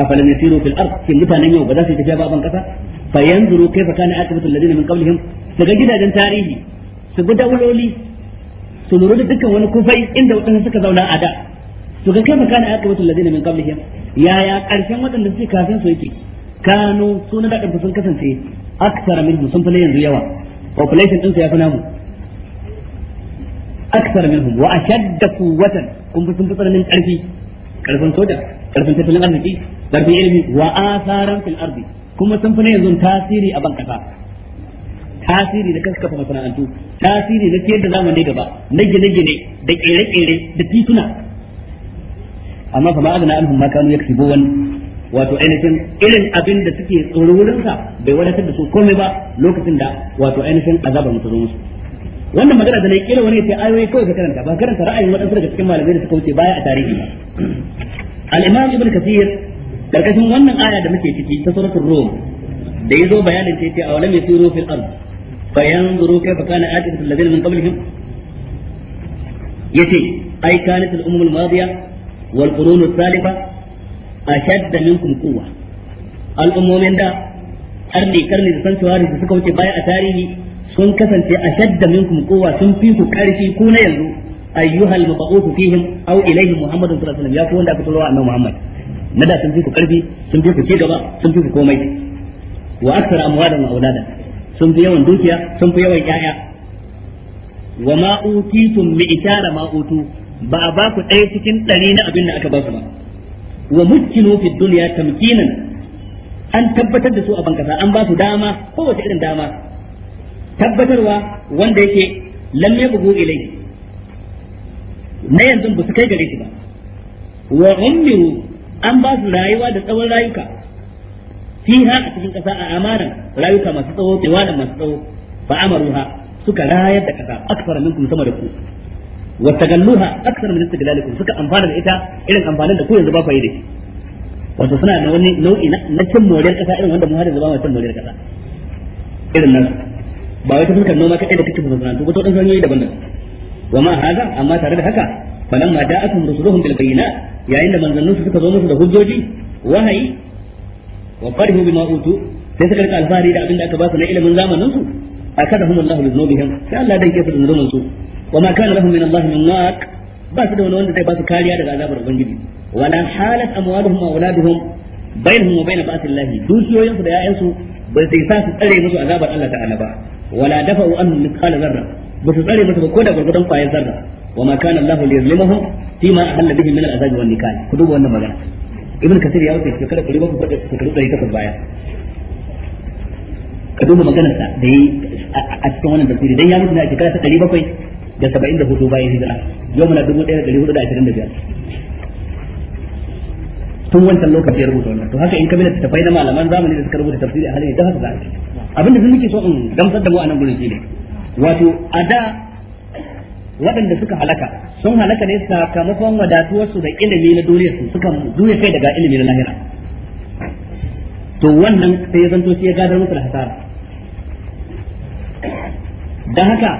أفلم يسيروا في الأرض في متى يوم بدأت تجاب أبا كفا فينظروا كيف كان عاقبة الذين من قبلهم سجد جن تاريخي سجد أولولي سنرد دكا ونكوفي إن دوتنا سكا زولا أداء سجد كيف كان عاقبة الذين من قبلهم يا يا أرشان وطن لسي كافين سويكي كانوا سونا دا كنت سنكسن سي أكثر منهم سنفلين ريوا population ɗinsu ya fi namu akthar minhum wa ashadda quwwatan kun fi sun fi tsananin karfi karfin soja karfin tattalin arziki karfin ilimi wa asaran fil ardi kuma sun fi yanzu tasiri a ban kasa tasiri da kaskafa masana'antu tasiri na ciyar da zamani gaba na gine-gine da kere-kere da tituna amma fa ma'adana wato ainihin irin abin da suke tsoro wurinsa bai wadatar da su komai ba lokacin da wato ainihin azabar mutu zo musu wannan magana da nayi kila wani ya ce ayoyi kawai ka karanta ba karanta ra'ayin wadansu daga cikin malamai da suka wuce baya a tarihi ba al-imam ibn kathir karkashin wannan aya da muke ciki ta suratul rum da yazo bayanin ta yace awalam yasiru fil ard fa yanzuru kayfa kana atiqatul ladina min qablihim yace ai kanat al-umam al-madiya wal qurun al-salifa ashadda minkum quwwa al-umumin da arni karni da san da suka wuce baya a tarihi sun kasance ashadda minkum kowa sun fi ku karfi ko na yanzu ayyuhal mab'uthu fihim aw ilayhi muhammadun sallallahu alaihi wasallam ya ku wanda aka turo annabi muhammad na da sun fi ku karfi sun fi ku ci gaba sun fi ku komai wa akthara amwalan wa auladan sun fi yawan dukiya sun fi yawan yaya wa ma utitum bi itara ma utu ba a ba ku ɗaya cikin ɗari na abin da aka ba ku ba wa muskinu fi dunya tamkinan an tabbatar da su a bankasa an ba su dama kowace irin dama tabbatarwa wanda yake lalle bugu ilai na yanzu ba su kai gare shi ba wa ummiru an ba su rayuwa da tsawon rayuka fiha a cikin kasa a amaran rayuka masu tsawo da tawalan masu tsawo fa amaruha suka rayar da kasa aksar minkum sama da ku wa tagalluha aksar min istidlalikum suka amfana da ita irin amfanin da ku yanzu ba ku yi wato suna da wani nau'i na cin moriyar kasa irin wanda mu har yanzu ba mu cin moriyar kasa irin nan ba wai ta fuskar noma kadai da kake masana'antu ba to dan hanyoyi daban-daban wa ma hada amma tare da haka falan ma da'atuhum rusuluhum bil bayyinat yayin da manzannin su suka zo musu da hujjoji wahayi wa farihu bima utu sai suka rika alfahari da abin da aka ba su na ilimin zamanin su akadahum Allahu bi dhunubihim sai Allah dan kesa da zunuban su wa ma kana lahum min Allah min naq ba su da wani wanda zai ba su kariya daga azabar ubangiji wala halat amwaluhum wa auladuhum bainahum wa bain ba'athillahi dukiyoyin su da ya'yan su ba su isa su tsare musu azabar Allah ta'ala ba wala dafa'u an misqala zarra ba su tsare musu ba ko da gurgudan kwayar zarra wa ma kana Allah li yuzlimuhum fima ahalla bihi min al-azabi wan nikal ku duba wannan magana ibn kasir ya wuce kada ku riba ku fada ku tsare ta baya ka duba maganar sa da yi a cikin wannan tafsiri dan ya mutu na shekara ta 700 da 74 bayan hijira yau muna 1425 tun wancan lokaci ya rubuta wannan to haka in ka bi tafai na malaman zamani da suka rubuta tafsiri a halin da haka za a abin da muke so in gamsar da mu a nan gurin shine wato a da waɗanda suka halaka sun halaka ne sakamakon su da ilimi na duniya su suka zuya kai daga ilimi na lahira to wannan sai ya zanto shi ya gadar musu da hasara dan haka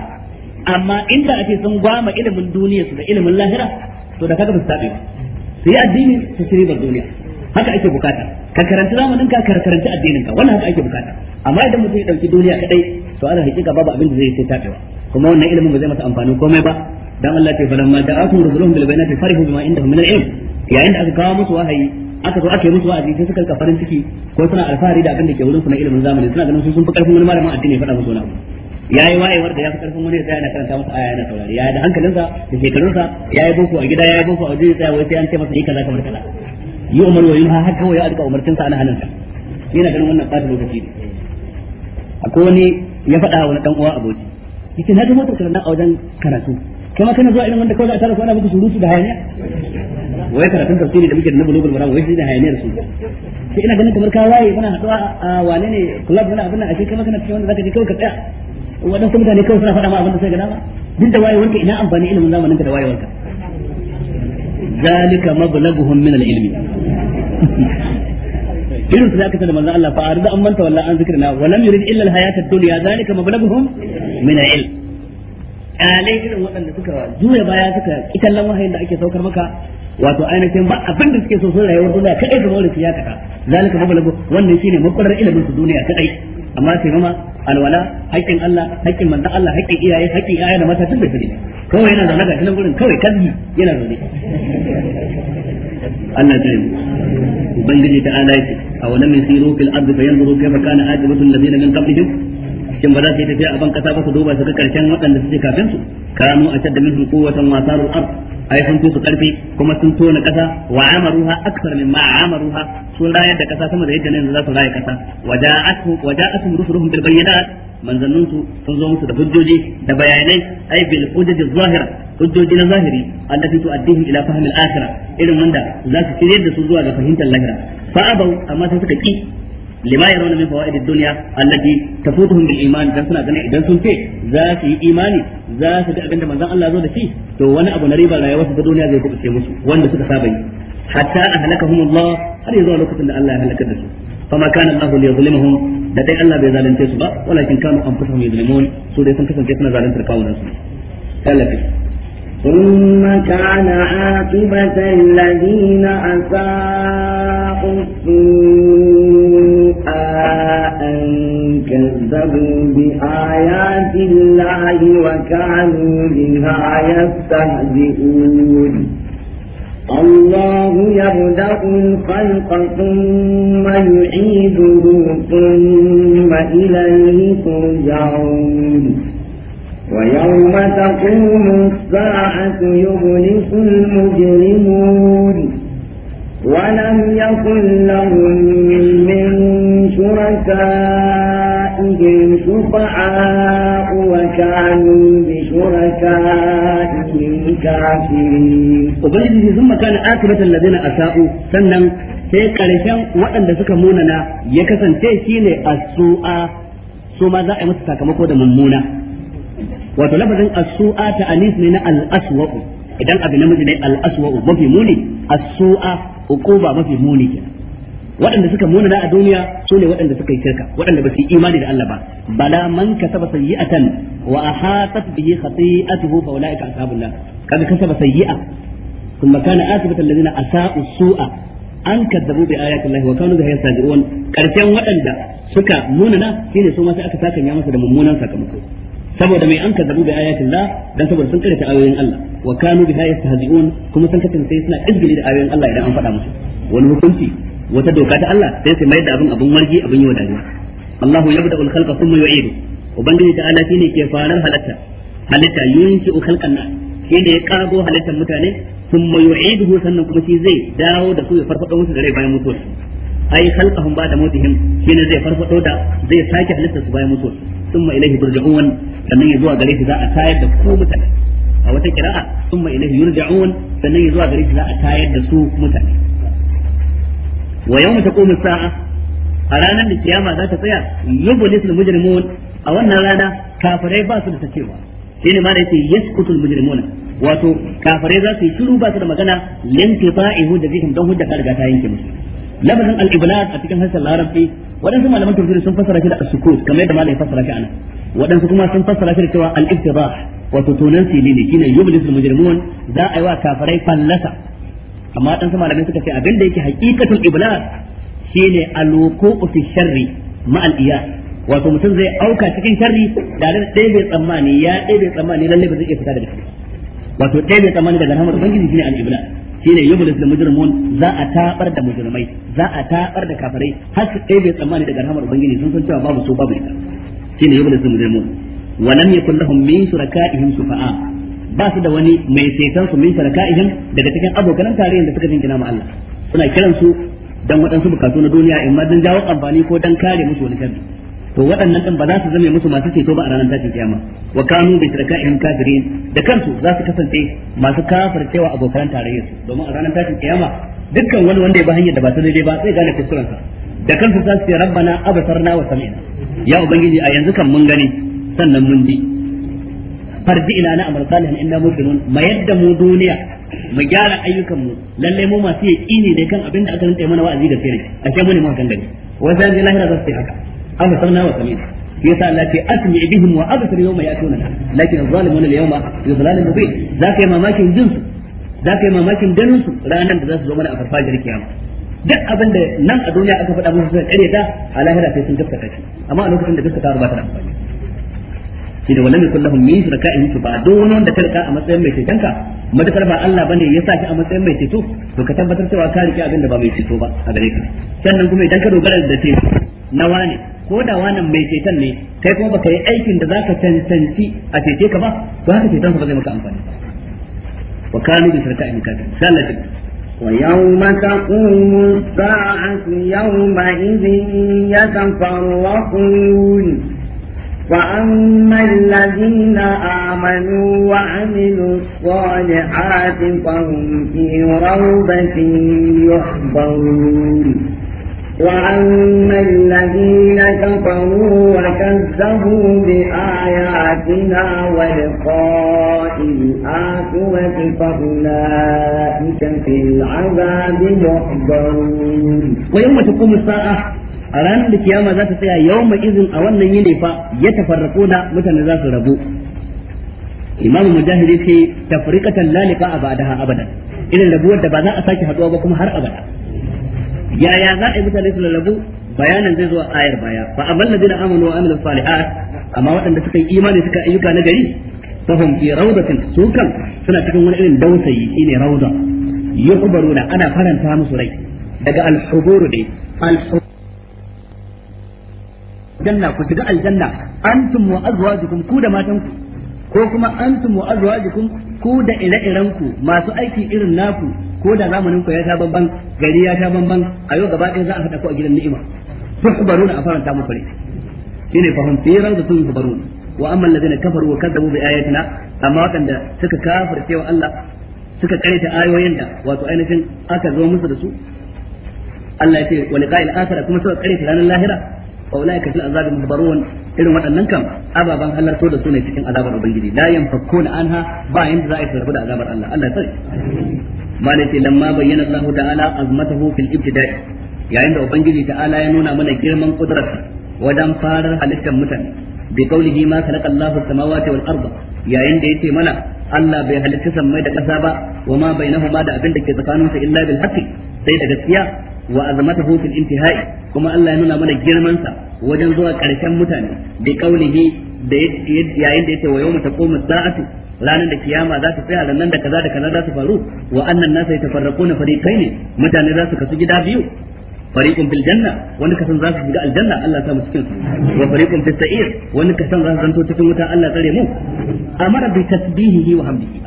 amma inda ake sun gwama ilimin duniya su da ilimin lahira to da kaga ba su tabe ba sai addini ta ci ribar duniya haka ake bukata ka karanta zamanin ka ka karanta addinin ka wannan haka ake bukata amma idan mutum ya dauki duniya kadai to ana hakika babu abin da zai sai tabewa kuma wannan ilimin ba zai masa amfani komai ba dan Allah ta falamma da'akum rusuluhum bil bayanati farihu bima indahum min al-ilm yayin da aka kawo musu wahayi aka zo aka yi musu wa'azi sai suka rika farin ciki ko suna alfahari da abin da ke wurin su na ilimin zamani suna ganin sun fi karfin wani malamin addini ya faɗa musu wani abu yi wayewar da ya fi karfin wani sai yana karanta masa aya yana saurari ya da hankalinsa da shekarunsa ya yi boko a gida ya yi boko a waje sai wai sai an ce masa yi kaza kamar kaza yi umar wa yunha har kawai ya alƙa umarcinsa ana hannunsa yana ganin wannan ɓata lokaci ne akwai wani ya faɗa wani ɗan uwa aboki yace na ga motar karanta a wajen karatu kuma kana zuwa irin wanda kawai za a tara ko ana muku surutu da hayaniya wai karatun tafsiri da muke da nabu lugul maram wai shi da hayaniyar su sai ina ganin kamar ka waye muna haɗuwa a wane ne club muna abin nan a kai kana cikin wanda zaka je kawai ka tsaya waɗansu mutane kawai suna faɗa ma abin da suka gada ba duk da wayewarka ina amfani ilimin zamanin ka da wayewarka zalika mablaguhum min al-ilmi irin su zaka da manzon Allah fa arda an manta wallahi an zikrina wa lam yurid illa al-hayat ad-dunya zalika mablaguhum min al-ilm alai irin waɗanda suka juya baya suka kitallan wahayin da ake saukar maka wato ainihin ba abin da suke so sun rayuwar duniya kadai kamar wani siyaka zalika mablaguhum wannan shine makwarar ilimin su duniya kadai amma taimama alwala haƙƙin Allah haƙƙin Allah haƙƙin iyaye haƙƙin iyaye da mata tun da kawai yana zaune ga cikin gurin kawai kalbi yana zaune Allah ya mu ubangiji ta ala fil ardi kayfa kana aqibatu alladhina min qablihim shin ba za su yi tafiya a ban kasa ba su duba su ga karshen waɗanda suke kafin su kanu a tadda minhum quwwatan wa sarul ard ai sun su karfi kuma sun tona kasa wa amaruha akthar mimma amaruha sun rayar da kasa sama da yadda ne za su raya kasa waja'atuhum waja'atuhum rusuluhum bil bayyinat manzannin su sun zo musu da hujjoji da bayanai ai bil hujjaji zahira hujjoji na zahiri allati tu'addihim ila fahmil akhirah irin wanda za su kire da su zuwa ga fahimtar lahira fa abau amma sai suka ki lima yaruna min duniya ad-dunya allati tafutuhum bil iman dan suna ganin idan sun ce za su yi imani za su ga abinda manzon Allah za da shi to wani abu na riba rayuwar su ta duniya zai kubuce musu wanda suka sa yi hatta ahlakahum Allah har yanzu lokacin da Allah ya halaka da su fama kana Allah liyuzlimahum da dai Allah bai zalunce su ba walakin su kasance suna su ثم كان عاقبة الذين أساءوا السوء أن كذبوا بآيات الله وكانوا بها يستهزئون الله يبدأ الخلق ثم يعيده ثم إليه ترجعون ويوم تقوم الساعة يبلس المجرمون ولم يكن لهم من شركائهم شفعاء وكانوا بشركائهم كافرين وبلده ثم كان آكبة الذين أساءوا سنن sai karshen waɗanda suka munana ya kasance shine su'a su ma za a yi musu sakamako da mummuna wato lafazin as-su'a ta anis ne na al-aswa idan abu namiji ne al-aswa mafi muni as-su'a uquba mafi muni kenan waɗanda suka munana a duniya su ne waɗanda suka yi shirka waɗanda ba su yi imani da Allah ba bala man kasaba sayyi'atan wa ahatat bihi khati'atuhu fa ulaika ashabun nar kaga kasaba sayyi'a kuma kana asibatan alladhina asa'u su'a an kadzabu bi ayati Allah wa kanu biha yastaji'un karshen waɗanda suka munana shine su ma sai aka saka ya masa da mummunan sakamako saboda mai an kazabu bi ayatin Allah dan saboda sun karanta ayoyin Allah wa kanu biha yastahzi'un kuma sun sai suna izgili da ayoyin Allah idan an faɗa musu wani hukunci wata doka ta Allah sai su mai da abin abin marji abin yi wa dariya Allah yabda'u al-khalqa thumma yu'idu ubangiji ta Allah shine ke farar halatta halitta yunshi khalqan nas shi da ya kago halittar mutane thumma yu'iduhu sannan kuma shi zai dawo da su ya farfado musu da rai bayan mutuwarsu ai khalqahum ba da mutihim shine zai farfado da zai sake halitta su bayan mutuwa thumma ilayhi turja'un sannan ya zuwa gare shi za a tayar da ku mutane a wata kira'a thumma ilayhi yurja'un sannan ya zuwa gare shi za a tayar da su mutane wa yawma taqumu sa'a a ranar da kiyama za ta tsaya da mujrimun a wannan rana kafirai ba su da tacewa shine ma da yake yaskutul mujrimun wato kafirai za su yi shiru ba su da magana yanke ba'ihu da zikin don hujja ta riga ta yanke musu lafazin al-iblas a cikin harshen larabci waɗansu malaman tafsiri sun fassara shi da as-sukut kamar yadda malai fassara shi anan waɗansu kuma sun fassara shi da cewa al-ibtirah wato tonan sili ne shine yublis al-mujrimun za a yi wa kafirai fallasa amma waɗansu malamai suka ce abin da yake haqiqatul iblas shine al-wuqu'u fi sharri ma al-iyas wato mutum zai auka cikin sharri da ɗaya bai tsammani ya ɗaya bai tsammani lalle ba zai iya fita daga ciki wato ɗaya bai tsammani daga rahmar ubangiji shine al-iblas shine yublis da mujrimun za a tabar da mujrimai za a tabar da kafirai har su kai bai tsammani daga rahmar ubangiji sun san cewa babu so babu ita shine yublis da mujrimun wa lam yakul lahum min shurakaihim shufa'a ba su da wani mai ceton su min shurakaihim daga cikin abokan tarayyar da suka jingina ma Allah suna kiran su dan wadansu bukatu na duniya in ma dan jawo amfani ko dan kare musu wani sharri to waɗannan ɗin ba za su zame musu masu ceto ba a ranar tashin kiyama wa kanu bi in kafirin da kansu za su kasance masu kafircewa abokan tarayyar su domin a ranar tashin kiyama dukkan wani wanda ya ba hanyar da ba ta daidai ba zai gane kuskurensa da kansu za su ce rabbana abasarna wa sami'na ya ubangiji a yanzu kan mun gani sannan mun ji farji ila na amal salihan inna muqinun mayar mu duniya mu gyara ayyukan mu lalle mu masu yaqini ne kan abin da aka rinta mana wa'azi da sirri a ce mu ne mu hakan gani wa sai lahira za su haka an sanna wa samina yasa Allah ce asmi bihim wa absir yawma ya'tunana lakin az-zalimuna al-yawma fi dhalalin mubin zaka yi mamakin jin su zaka yi mamakin ganin su ranan da za su zo mana a farfajiyar kiyama duk abin da nan a duniya aka faɗa musu suka kare ta a lahira sai sun gaskata shi amma a lokacin da gaskata ba ta da amfani shi da walam yakul min shirka'in su ba don wanda ka rika a matsayin mai ceton ka madakar ba Allah bane ya sa ki a matsayin mai ceto to ka tabbatar cewa ka rike abin da ba mai ceto ba a gare ka sannan kuma idan ka dogara da ceto na wane ko da wannan mai ceton ne kai kuma baka yi aikin da zaka cancanci a cece ka ba to haka ceton ba zai maka amfani wa kanu bi shuraka'ihim kafirin sallallahu alaihi ويوم تقوم الساعة يومئذ يتفرقون فأما الذين آمنوا وعملوا الصالحات فهم في روضة يحضرون وأما الذين كفروا وكذبوا بآياتنا ولقاء الآخرة فأولئك في العذاب محضرون ويوم تقوم الساعة a ranar da kiyama za ta tsaya mai izin a wannan yinifa fa ya tafarraku mutane za su rabu imam mujahid yace tafriqatan lalika liqa abadaha abadan irin rabuwar da ba za a sake haduwa ba kuma har abada yaya za a yi mutane su rabu bayanan zai zo a ayar baya fa amma alladheena amanu wa amilus salihat amma waɗanda suka yi imani suka ayyuka na gari fahum fi rawdatin suna cikin wani irin dausayi shine rawda yuhbaruna ana faranta musu rai daga al-hubur dai al janna ku shiga aljanna antum wa azwajukum ku da matanku ko kuma antum wa azwajukum ku da ire irenku masu aiki irin naku ko da zamanin ku ya ta banban gari ya ta banban a yau gaba ɗaya za a haɗa ku a gidan ni'ima tuhbaruna a faranta muku ne shine fahim fi rawdatun tuhbaruna wa amma alladhina kafaru wa kadzabu bi ayatina amma wadanda suka kafirce wa Allah suka karanta ayoyin da wato ainihin aka zo musu da su Allah ya ce wa liqa'il akhirah kuma suka karanta ranar lahira fa ulaika fil azabi irin waɗannan kam ababan halarto da su ne cikin azabar ubangiji la yanfakuna anha ba yanda za a yi rabu da azabar Allah Allah ya tsare malaka lamma bayyana Allah ta'ala azmatahu fil ibtida'i yayin da ubangiji ta'ala ya nuna mana girman kudrarsa wajen farar halittar mutane bi qawlihi ma khalaqa Allahu as-samawati wal arda yayin da yace mana Allah bai halitta sammai da ƙasa ba wa ma bainahuma da abin da ke tsakaninsu illa bil haqqi sai da gaskiya wa azamatahu fil intihai kuma Allah ya nuna mana girman sa wajen zuwa karshen mutane bi qaulihi da yayin da yace wa yawma taqumu sa'atu ranar da kiyama za ta tsaya ranar da kaza da kaza za su faru wa annan nasa yatafarraquna fariqaini mutane za su kasu gida biyu fariqun bil janna wani kasan za su shiga aljanna Allah ta mu cikin wa wani kasan za su cikin wuta Allah wa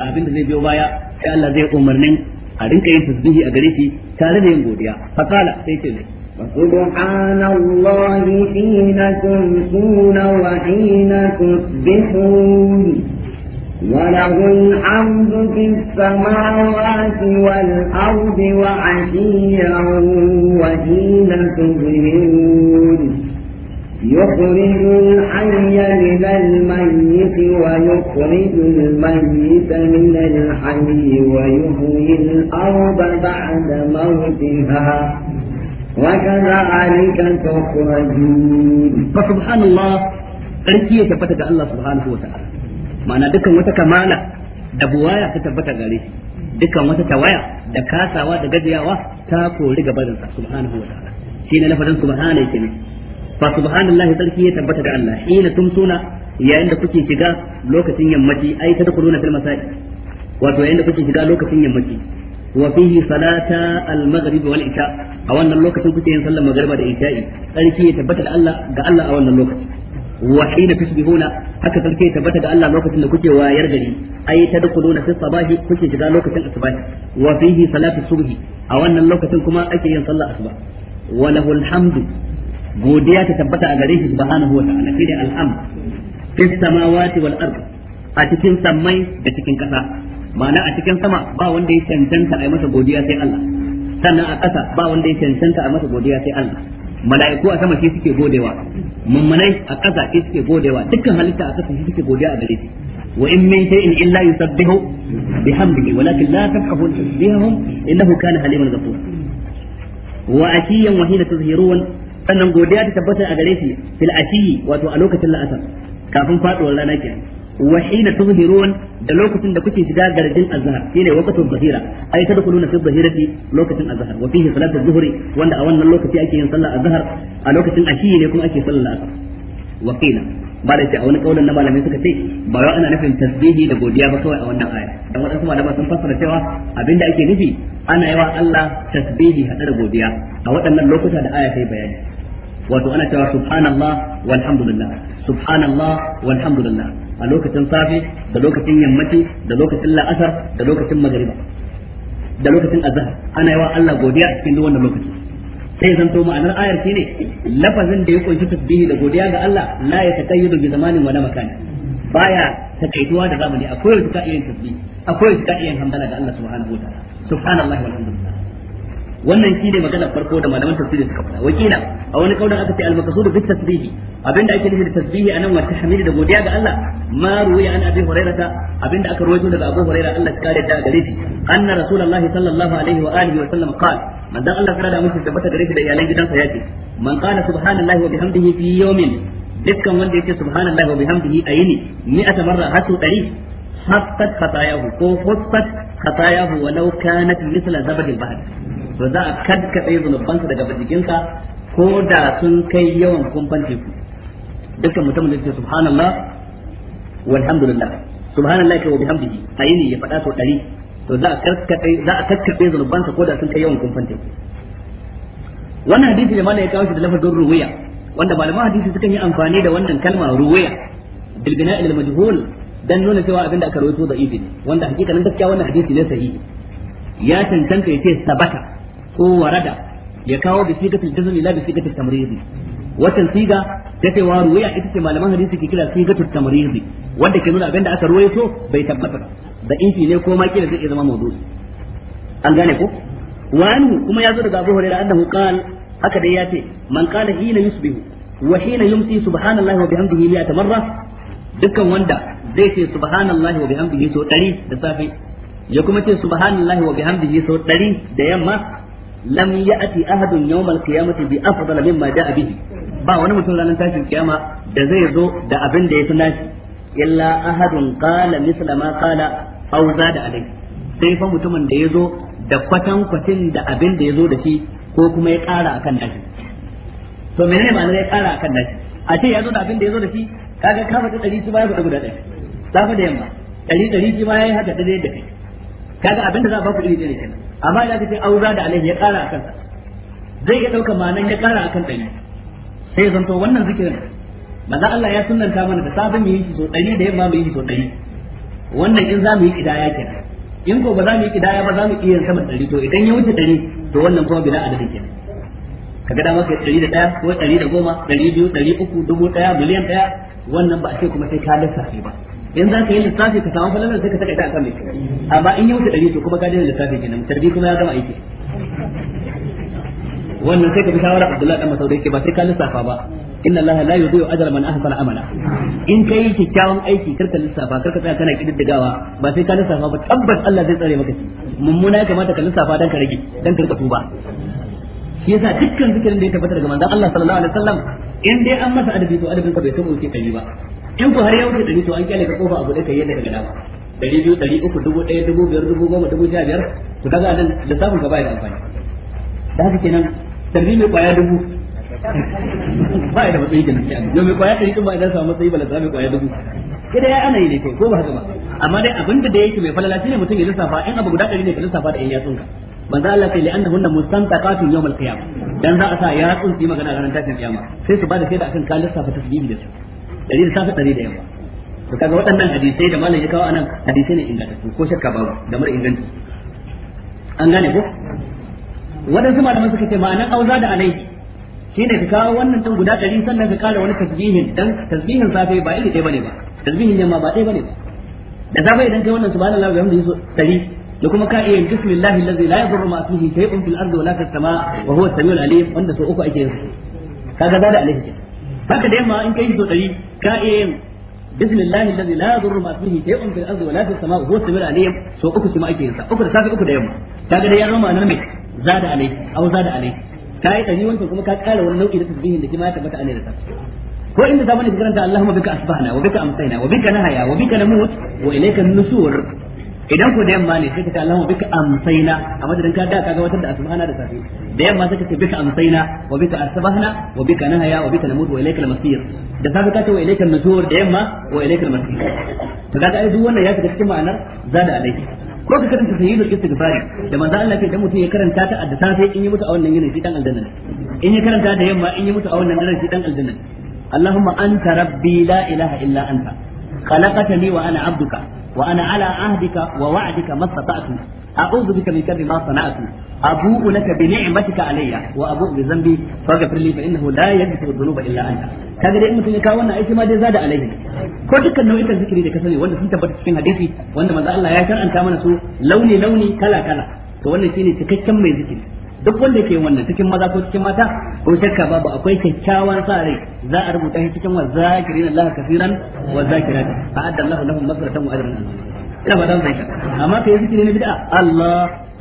abinda zai biyo baya sai Allah zai umarnin a rinka yin tasbihi a gare shi tare da yin godiya fakala sai ce mai فسبحان الله حين تمسون وحين تصبحون وله الحمد في السماوات والأرض وعشيا وحين تظهرون يخرج الحي من الميت ويخرج الميت من الحي ويحيي الأرض بعد موتها وكذلك تخرجون فسبحان الله sarki ya tabbata ga Allah subhanahu wa ta'ala ma'ana dukkan wata kamala da buwaya ta tabbata gare shi wata tawaya da kasawa da gajiyawa ta kori gabarinsa subhanahu wa ta'ala shi ne fa subhanallahi sarki ya tabbata da Allah hina tumsuna yayin da kuke shiga lokacin yammaci ai ta dukuluna fil masajid wato yayin da kuke shiga lokacin yammaci wa fihi salata al-maghrib wal isha a wannan lokacin kuke yin sallar magriba da isha'i sarki ya tabbata da Allah ga Allah a wannan lokacin wa hina tusbihuna haka sarki ya tabbata ga Allah lokacin da kuke wayar gari ai tadkhuluna fi sabahi kuke shiga lokacin asbahi wa fihi salatu subhi a wannan lokacin kuma ake yin sallar asba wa lahul hamdu godiya ta tabbata a gare shi subhanahu wa ta'ala shine alhamd fi samawati wal ard a cikin sammai da cikin kasa ma'ana a cikin sama ba wanda ya cancanta a yi masa godiya sai Allah sannan a kasa ba wanda ya cancanta a masa godiya sai Allah mala'iku a sama shi suke godewa mummunai a kasa shi suke godewa dukkan halitta a kasa shi suke godiya a gare shi wa in min shay'in illa yusabbihu bihamdihi walakin la tafqahu tasbihahum innahu kana haliman ghafura wa ashiyan wa hina tuzhirun sannan godiya ta tabbatar a gare shi fil ashiyi wato a lokacin la'asar kafin faduwar rana kenan wa hina tuzhirun da lokacin da kuke shiga garjin azhar shine waqtul zahira ay tadkhuluna fi zahirati lokacin azhar wa fihi salatu zuhri wanda a wannan lokaci ake yin sallar azhar a lokacin ashiyi ne kuma ake sallar asar wa qila ba da a wani kaulin na malamai suka ce ba wai ana nufin tasbihi da godiya ba kawai a wannan aya dan wadansu malama sun fassara cewa abinda ake nufi ana yawa Allah tasbihi hada da godiya a waɗannan lokuta da aya ta bayani wato ana cewa subhanallah walhamdulillah subhanallah walhamdulillah a lokacin safe da lokacin yammaci da lokacin la'asar da lokacin magariba da lokacin azhar ana yawa Allah godiya a cikin wannan lokaci sai zanto ma'anar ayar shine lafazin da ya kunshi tasbihi da godiya ga Allah la ya taqayyadu bi zamanin wala makan baya takaituwa da zamani akwai wata ka iya tasbihi akwai wata ka iya hamdala ga Allah subhanahu wa ta'ala subhanallahi walhamdulillah wannan shi ne magana farko da malaman tafsiri suka faɗa wakila a wani kaudan aka ce al-maqsud bi tasbihi abinda ake nufi da tasbihi anan wa tahmid da godiya ga Allah ma ruwiya an abi hurairata abinda aka rawaito daga abu hurairah Allah ya kare da gare shi anna rasulullahi sallallahu alaihi wa alihi wa sallam qala man dan Allah da mushi tabbata gare shi da iyalan gidansa yace man qala subhanallahi wa bihamdihi fi yawmin dukkan wanda yake subhanallahi wa bihamdihi ayini mi'ata marra hatu dari haqqat khatayahu ko haqqat khatayahu walau kanat mithla zabadil bahr to za a kadkaɗe zunubansa daga jikinka ko da sun kai yawan kumfan teku dukkan mutumin da ce subhanallah walhamdulillah subhanallah kai wa bihamdihi ayini ya faɗa sau ɗari to za a karkaɗe za a karkaɗe zunubansa ko da sun kai yawan kumfan teku wannan hadisi da malai ya kawo shi da lafazin ruwiya wanda malaman hadisi sukan yi amfani da wannan kalma ruwiya bilbina, bina' al majhul dan nuna cewa abin da aka rawaito da ibn wanda hakikanin gaskiya wannan hadisi ne sahihi ya tantance yace sabata ko warada ya kawo bi sigatul jazm ila bi sigatul tamridi wannan siga ta ce wa ruwaya ita ce malaman hadisi ke kira sigatul tamridi wanda ke nuna abinda aka ruwaito bai tabbata da inci ne ko ma kila zai zama mawdu'i an gane ko wani kuma ya zo daga Abu Hurairah annahu qala haka dai ya ce man qala hina yusbihu wa hina yumsi subhanallahi wa bihamdihi mi'ata marra dukkan wanda zai ce subhanallahi wa bihamdihi so 100 da safe ya kuma ce subhanallahi wa bihamdihi so 100 da yamma lam ya'ti ahadun yawmal qiyamati bi afdal mimma da'a bihi ba wani mutum ranar tashin kiyama da zai zo da abin da yafi nashi illa ahadun qala misla ma qala aw zada alai sai fa mutumin da yazo da kwatan kwatin da abin da yazo da shi ko kuma ya ƙara akan nashi to menene ma'anar ya ƙara akan nashi a ce yazo da abin da yazo da shi kaga ka faɗi ɗari shi ba ya faɗi guda ɗaya safa da yamma ɗari ɗari shi ba ya haɗa ɗari ɗaya da kai kaga abinda za a baku iri ne kenan amma idan ka ce auza da alaihi ya kara akan sa zai iya dauka ma'anan ya kara akan ɗari sai zanto wannan zikirin maza Allah ya sunanta mana da sabon mu yi shi so ɗari da yamma mu yi shi so ɗari wannan in za mu yi kidaya kenan in ko ba za mu yi kidaya ba za mu iya sama ɗari to idan ya wuce ɗari to wannan kuma bila adadin kenan kaga da maka ɗari da ɗaya ko ɗari da goma ɗari biyu ɗari uku dubu ɗaya miliyan daya wannan ba a ce kuma sai ka lissafi ba in za ka yi lissafi ka samu falalar sai ka saka ita akan mai amma in yi wuce ɗari to kuma ka daina lissafi kenan tarbi kuma ya gama aiki wannan sai ka bi shawara Abdullahi dan Masaudi yake ba sai ka lissafa ba inna Allah la yudhi'u ajra man ahsana amala in kai kikkiawan aiki kar ka lissafa kar ka tsaya kana kididdigawa ba sai ka lissafa ba tabbas Allah zai tsare maka shi mummuna ya kamata ka lissafa dan ka rage dan ka tuba shi yasa dukkan zikirin da ya tabbata daga manzon Allah sallallahu alaihi wasallam in dai an masa adabi to adabin ka bai san wuce kai ba in ku har ya wuce dari to an kyale ka kofa abu da kai yadda daga dama dari biyu dari uku dubu ɗaya dubu biyar dubu goma dubu sha biyar nan da ka bai da amfani da haka kenan tarbi mai kwaya dubu ba da matsayi kenan yau mai kwaya ɗari ɗin ba idan samu matsayi ba lissafin kwaya dubu kida ya ana yi ne ko ba haka ba amma dai abinda da yake mai falala shine mutum ya lissafa in abu guda ɗari ne ka lissafa da in tsunka manzo Allah sai li'annahunna mustantaqatun yawm al-qiyamah dan za a sa ya tsunsi magana ranar tashin kiyama sai su bada shaida akan kalin safa tasbihi da su dari da safa dari da yamma to kaga waɗannan hadisai da malam ya kawo anan hadisai ne inganta. ko shakka babu da mar inganta. an gane ko waɗansu malaman suka ce ma'anan auza da anai shine ka kawo wannan tun guda ɗari sannan ka kara wani tasbihin dan tasbihin safe ba iri ɗaya bane ba tasbihin yamma ba ɗaya bane ba da safe idan kai wannan subhanallahi wa bihamdihi 100 da kuma ka iya bismillahi allazi la yadurru ma ismihi shay'un fil ardi wala fis wa huwa samiul alim wanda so uku ake yin kaga da alaihi haka da yamma in kai so dari ka iya yin allazi la yadurru ma ismihi shay'un fil ardi wala fis samaa wa huwa samiul alim so uku shi ake yin sa uku da safi uku da yamma kaga da yamma nan me zada alaihi aw zada alaihi ka yi dari wancan kuma ka kara wani nau'i da tasbihin da kima ya tabbata a ne da ko inda zamanin karanta Allahumma bika asbahna wa bika amsayna wa bika nahaya wa bika namut wa ilayka an-nusur idan ku da yamma ne sai ka ce Allahumma bika amsayna a madadin ka da kaga wata da asbahana da safi da yamma sai ka ce bika amsayna wa bika asbahna wa bika nahaya wa bika namutu wa ilayka al-masir da safi ka ce wa ilayka an-nusur da yamma wa ilayka al-masir to kaga ai duk wannan ya shiga cikin ma'anar zada alayhi ko ka karanta sayyidul istighfari da manzo Allah ce dan mutum ya karanta ta da safe in yi mutu a wannan yinin shi dan aljanna in ya karanta da yamma in yi mutu a wannan yinin shi dan aljanna Allahumma anta rabbi la ilaha illa anta khalaqtani wa ana abduka wa ana ala ahdika wa wa'dika mastata'tu a'udhu bika min sharri ma sana'tu abu'u laka bi ni'matika alayya wa abu'u bi dhanbi faghfir li fa innahu la yaghfiru dhunuba illa anta kaga dai mutum ya kawo wannan aiki ma dai zada alaihi ko dukkan nau'ikan zikiri da ka sani wanda sun tabbata cikin hadisi wanda manzo Allah ya karanta mana su launi launi kala kala to wannan shine cikakken mai zikiri duk wanda ke wannan cikin maza ko cikin mata ko shakka babu akwai kyakkyawan sa rai za a rubuta shi cikin wazakirin Allah kafiran wa zakirat a'adda Allah lahum maghfiratan wa ajran ina ba dan zai amma kai zikiri ne bid'a Allah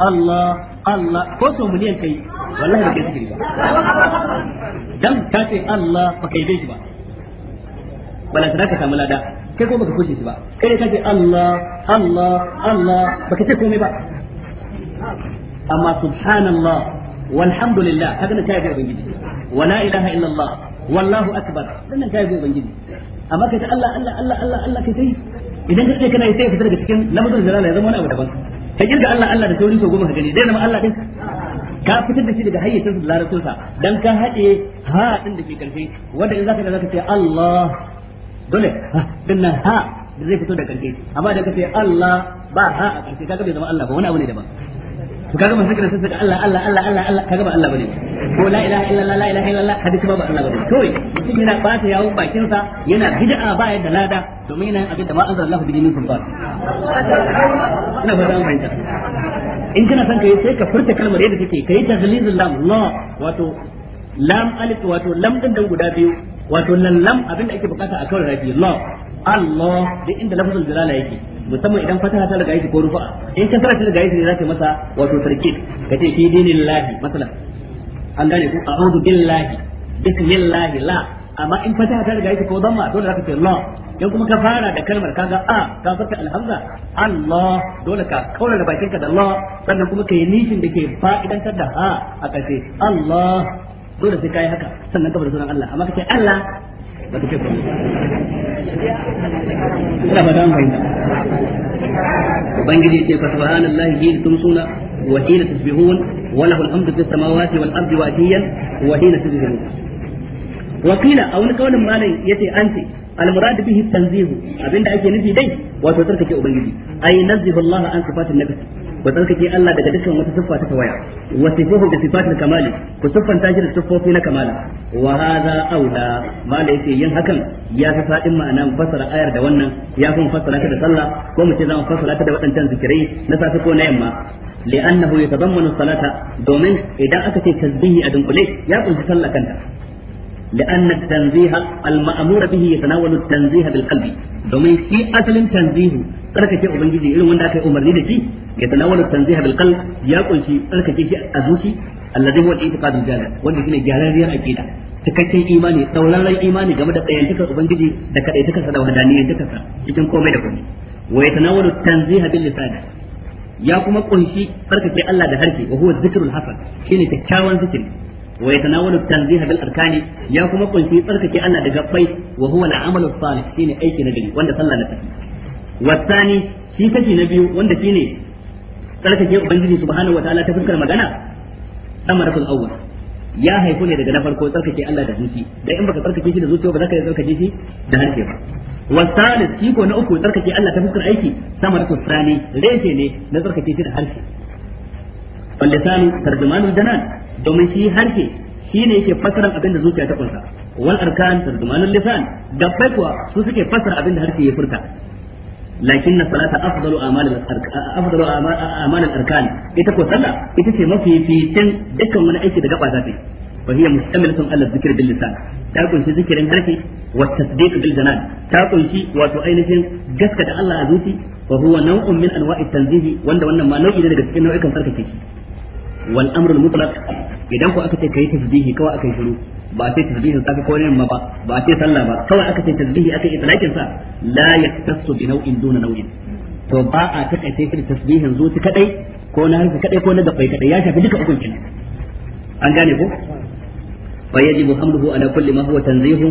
Allah Allah ko so miliyan kai wallahi ba kai zikiri ba dan ka ce Allah ba kai bai shi ba Wala tana ka samu lada kai ko baka kushe shi ba kai ka ce Allah Allah Allah baka ce komai ba amma subhanallah walhamdulillah kaga nan kai ga ubangiji wala ilaha illallah wallahu akbar sannan kai ga ubangiji amma kai ta Allah Allah Allah Allah Allah kai sai idan ka kana sai fitar daga cikin lamarin zalala ya zama wani abu daban ka kirga Allah Allah da saurin so goma ka gani dai zama Allah din ka fitar da shi daga hayyacin da larabcin dan ka haɗe ha din da ke karfi wanda in zaka da zaka ce Allah dole dinna ha da zai fito da karfi amma da ka ce Allah ba ha a karfi kaga bai zama Allah ba wani abu ne daban ka kaga masu kana saka Allah Allah Allah Allah Allah kaga ba Allah bane ko la ilaha illallah la ilaha illallah hadisi ba ba Allah bane kawai mutum yana bata yawo bakin sa yana bid'a ba yadda lada domin yana abin da ma anzal Allah bi dinin sun ina ba zan fahimta in kana son kai sai ka furta kalmar yadda take kai tazlizul lam la wato lam alif wato lam din dan guda biyu wato lallam abin da ake bukata a kawai rafi la Allah da inda lafzul jalala yake musamman idan fataha ta riga yake ko rufa in ka sarrafa riga yake ne za zaka masa wato sarki tarkib kace fi dinillahi masalan an gane ku a'udhu billahi bismillahi la amma in fataha ta riga yake ko damma dole za ka ce la in kuma ka fara da kalmar kaga a ka saka alhamza Allah dole ka kaura da bakinka da Allah sannan kuma ka yi nishin da ke fa'idantar da ha a kace Allah dole sai kai haka sannan ka bar sunan Allah amma kace Allah ba ta ce ba ina ba dan fahimta ubangiji ya ce fa subhanallahi hi tumsuna wa hina tasbihun wa lahu al fis samawati wal ardi wa hiya wa hina wakila a wani kaulin malam yace an ce المراد به التنزيه abinda ake nufi dai wato tsarkake ubangiji ay nazzihu Allah an sifatin nafs ku tsarkake Allah daga dukkan wata siffa ta tawaya wa sifuhu bi sifatil kamali ku siffanta shi da siffofi na kamala wa hadha aula mala yake yin hakan ya fi ma'ana ma'anan fasara ayar da wannan ya fi fasara ta da sallah ko mu ce zamu fasara ta da waɗancan zikirai na safe ko na yamma لأنه يتضمن الصلاة دومين إذا أكت تسبيه أدنقلي يا قلت صلى كنت لأن التنزيه المأمور به يتناول التنزيه بالقلب domin shi asalin tanzihu tsarkake ubangiji irin wanda aka yi umarni da shi ya tanawala tanziha bil ya kunshi tsarkake shi a zuci alladhi huwa al-i'tiqad jalal wanda shine jalaliyar aqida cikakken imani sauraron imani game da tsayantakar ubangiji da kadaitakarsa da wahdaniyantakarsa cikin komai da komai wa yatanawalu tanziha bil ya kuma kunshi tsarkake Allah da harshe wa huwa dhikrul hasan shine kyakkyawan zikiri wa yatanawalu tanziha bil arkani ya kuma kunshi tsarkake Allah daga fai wa huwa al amalu salih shine aiki na gari wanda sallah na tafi wasani shi kashi na biyu wanda shine tsarkake ubangiji subhanahu wataala ta fuskar magana amarakul awwal ya haifu ne daga na farko tsarkake Allah da zuci dan in baka tsarkake shi da zuciya ba za tsarkake shi da harshe ba wasalis shi ko na uku tsarkake Allah ta aiki sama ne na tsarkake shi da domin shi harshe shi ne yake fasara abin da zuciya ta kunsa wal arkan tarjumanul lisan gabbai kuwa su suke fasara abin da harshe ya furta lakin na salata afdalu amal afdalu amal arkan ita ko sallah ita ce mafi fitin dukkan wani aiki da gaba ta ce fa hiya mustamilatun ala dhikri bil lisan ta kunshi zikirin harshe wa tasdiq bil janan ta kunshi wato ainihin gaskata Allah a zuci wa huwa naw'un min anwa'i tanzihi wanda wannan ma nau'i ne daga cikin nau'ikan sarkake shi wal amrul mutlaq idan ko aka ce kai tasbihi kawai aka yi shiru ba sai tasbihi ta ka kawai ba ba sai sallah ba kawai aka ce tasbihi aka itlaqin sa la yaktasu bi nau'in duna nau'in to ba a takaice shi tasbihin zuci kadai ko na harfi kadai ko na gabbai kadai ya shafi duka ukun kenan an gane ko fa yajibu hamduhu ala kulli ma huwa tanzihu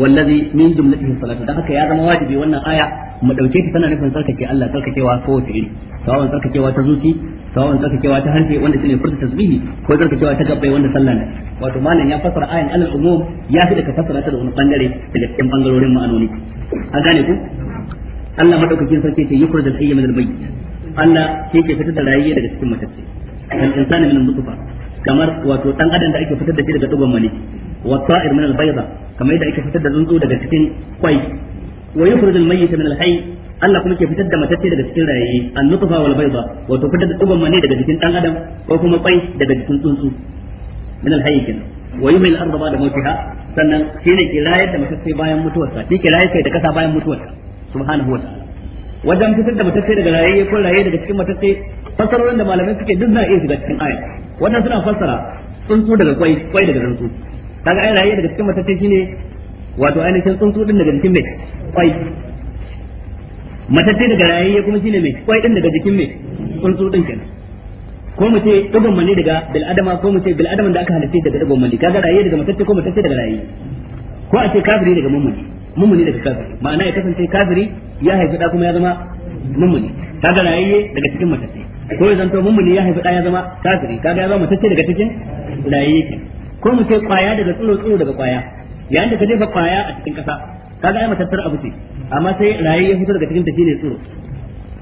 wallazi min jumlatihi salatu dan haka ya zama wajibi wannan aya mu dauke ta tana nufin tsarkake Allah tsarkakewa ko wace iri sawan tsarkakewa ta zuci sawan tsarkakewa ta harshe wanda shine furta tasbihi ko tsarkakewa ta gabbai wanda sallah ne wato malam ya fasara ayan alal umum ya fi daga fasara ta da wani bangare daga cikin bangarorin ma'anoni a gane ku Allah madaukakin sarki ce yukur da tsayi min albayt Allah ke ke fitar da rayuwa daga cikin matacce kan insani min nutfa kamar wato dan adam da ake fitar da shi daga dugon mani wa ta'ir min albayda kamar yadda ake fitar da zunzu daga cikin kwai wa yukhrij al-mayyit min al-hayy Allah kuma ke fitar da matacce daga cikin rayaye an-nutfa wal bayda wato fitar da mani daga cikin dan adam ko kuma kwai daga cikin tsuntsu min al-hayy kenan wa yumil al-arda ba'da mawtiha sannan shine kirayar da matacce bayan mutuwarsa shi kirayar kai da kasa bayan mutuwarsa subhanahu wa ta'ala wajen fitar da matacce daga rayaye ko rayaye daga cikin matacce fasarorin da malamai suke duk na iya shiga wannan suna fassara tsuntsu daga kwai kwai daga tsuntsu kwai matacce daga rayayye kuma shine mai kwai din daga jikin mai tsuntsu din kenan ko mu ce digon mani daga bil adama ko mu ce bil da aka halitta daga digon mani kaga rayayye daga matacce ko matacce daga rayayye ko a ce kafiri daga mummuni mummuni daga kafiri ma'ana ya kasance kafiri ya haifi da kuma ya zama mummuni kaga rayayye daga cikin matacce ko ya zanto mummuni ya haifi da ya zama kafiri kaga ya zama matacce daga cikin rayayye ko mu ce kwaya daga tsuro tsuro daga kwaya yayin da ka jefa kwaya a cikin kasa kaga ai matattar abu ce amma sai rayi ya fito daga cikin tafi ne tsuro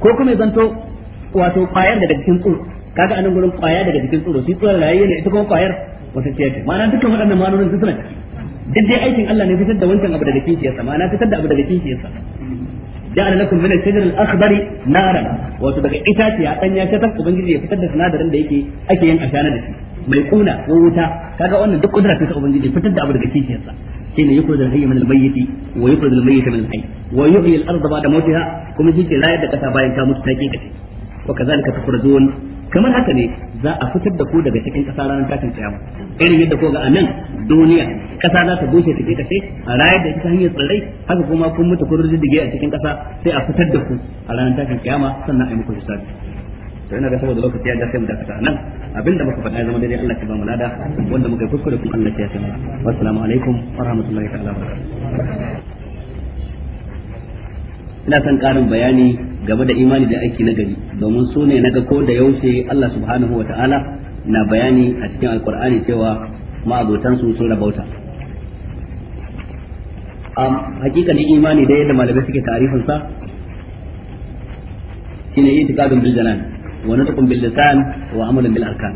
ko kuma zanto wato kwayar daga cikin tsuro kaga anan gurin kwaya daga cikin tsuro shi tsoron rayi ne ita kuma kwayar wata ce ce ma'ana dukkan waɗannan ma'anonin su suna ciki duk dai aikin Allah ne fitar da wancan abu daga sa ma'ana fitar da abu daga Da ja'ala lakum min al-shajar al-akhdari naran wato daga itaciya danya ta tafi ubangiji ya fitar da sinadarin da yake ake yin ashana da shi mai kuna ko wuta kaga wannan duk kudura ta ubangiji fitar da abu daga sa shine yukhrij al-hayy min al-mayyit wa yukhrij al-mayyit min al-hayy wa yuhyi al-ardha ba'da mawtiha kuma shi ke rayar da kasa bayan ta mutu ta ke kace wa kazalika tukhrajun kamar haka ne za a fitar da ku daga cikin kasa ranar tashin kiyama irin yadda ko ga anan duniya kasa za ta bushe ke kace a rayar da ita hanyar tsirrai haka kuma kun mutu kun rujudige a cikin kasa sai a fitar da ku a ranar tashin kiyama sannan a yi muku hisabi to ina ga saboda lokaci ya dace da mu dakata nan abinda muka faɗa ya zama daidai Allah ya ba mu lada wanda muka yi kuskure kuma Allah ya tsaya assalamu alaikum wa rahmatullahi ta'ala ina son karin bayani game da imani da aiki na gari domin su ne naga ko da yaushe Allah subhanahu wa ta'ala na bayani a cikin alkur'ani cewa ma'abotansu sun rabauta hakikalin imani da yadda malamai suke tarifin sa shine tikadun bil janan wa nutqun bil lisan wa amalun bil arkan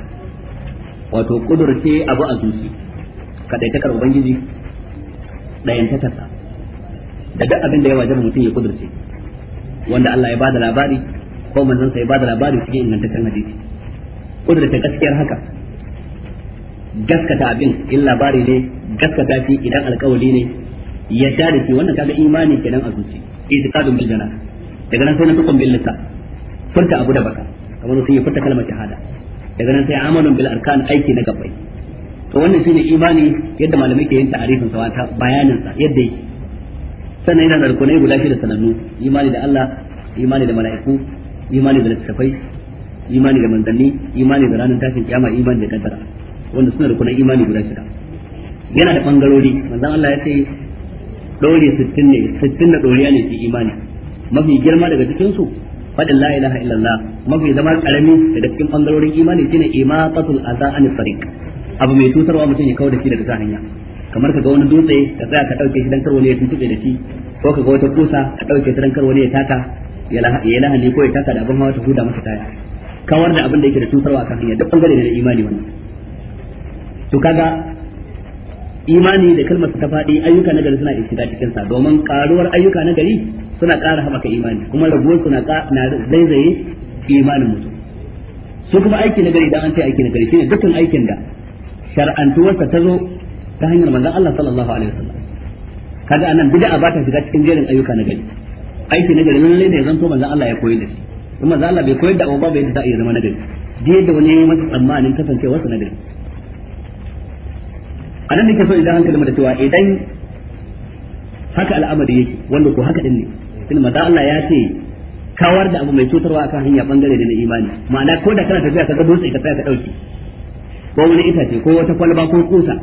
wato kudurce abu a zuci kadaitakar ubangiji dayantakarsa da duk abin da ya wajaba mutum ya kudurce wanda Allah ya bada labari ko manzon sa ya bada labari cikin ingantaccen hadisi kudurta gaskiyar haka gaskata abin in labari ne gaskata shi idan alkawali ne ya da shi wannan kaga imani kenan a zuci itiqadun bil jana daga nan sai na tukun bil lisan furta abu da baka kamar mutum ya fita kalmar shahada daga nan sai amalun bil arkan aiki na gabai to wannan shine imani yadda malamai ke yin ta'arifin sa ta bayanin sa yadda yake sannan yana da rukunai guda shida sanannu imani da Allah imani da mala'iku imani da littafai imani da manzanni imani da ranar tashin kiyama imani da kaddara wanda suna da kunan imani guda shida yana da bangarori manzon Allah ya ce dore 60 ne 60 na doriya ne su imani mafi girma daga cikin su fadin la ilaha illallah mafi zama karami da cikin bangarorin imani shine imatatul adha an tariq abu mai tutarwa mutum ya kawo da shi daga ta hanya kamar ka ga wani dutse ka tsaya ka dauke shi dan karwa ne ya tuntube da shi ko ka ga wata kusa ka dauke ta dan karwa ya taka ya lahani ko ya taka da abin hawa ta huda masa taya kawar da abin da yake da tutarwa kan hanya duk bangare ne na imani wannan to kaga imani da kalmar ta faɗi ayyuka na gari suna shiga cikin sa domin karuwar ayyuka na gari suna ƙara haɓaka imani kuma raguwar suna na zaizaye imanin mutum su kuma aiki na gari idan an ce aiki na gari shine dukkan aikin da shar'antuwarsa ta zo ta hanyar manzon Allah sallallahu alaihi wasallam kaga anan bid'a ba ta shiga cikin jerin ayyuka na gari aiki na gari lalle ne zanto manzon Allah ya koyi da shi kuma manzon Allah bai koyar da abu ba bai da za iya zama na gari da wani ya masa tsammanin kasancewarsa na gari anan nake so idan hankali mu da cewa idan haka al'amari yake wanda ko haka din ne tun da Allah ya ce kawar da abu mai cutarwa akan hanya bangare da na imani ma'ana ko da kana tafiya ka ga dutse ka tsaya ka dauki ko wani itace ko wata kwalba ko kusa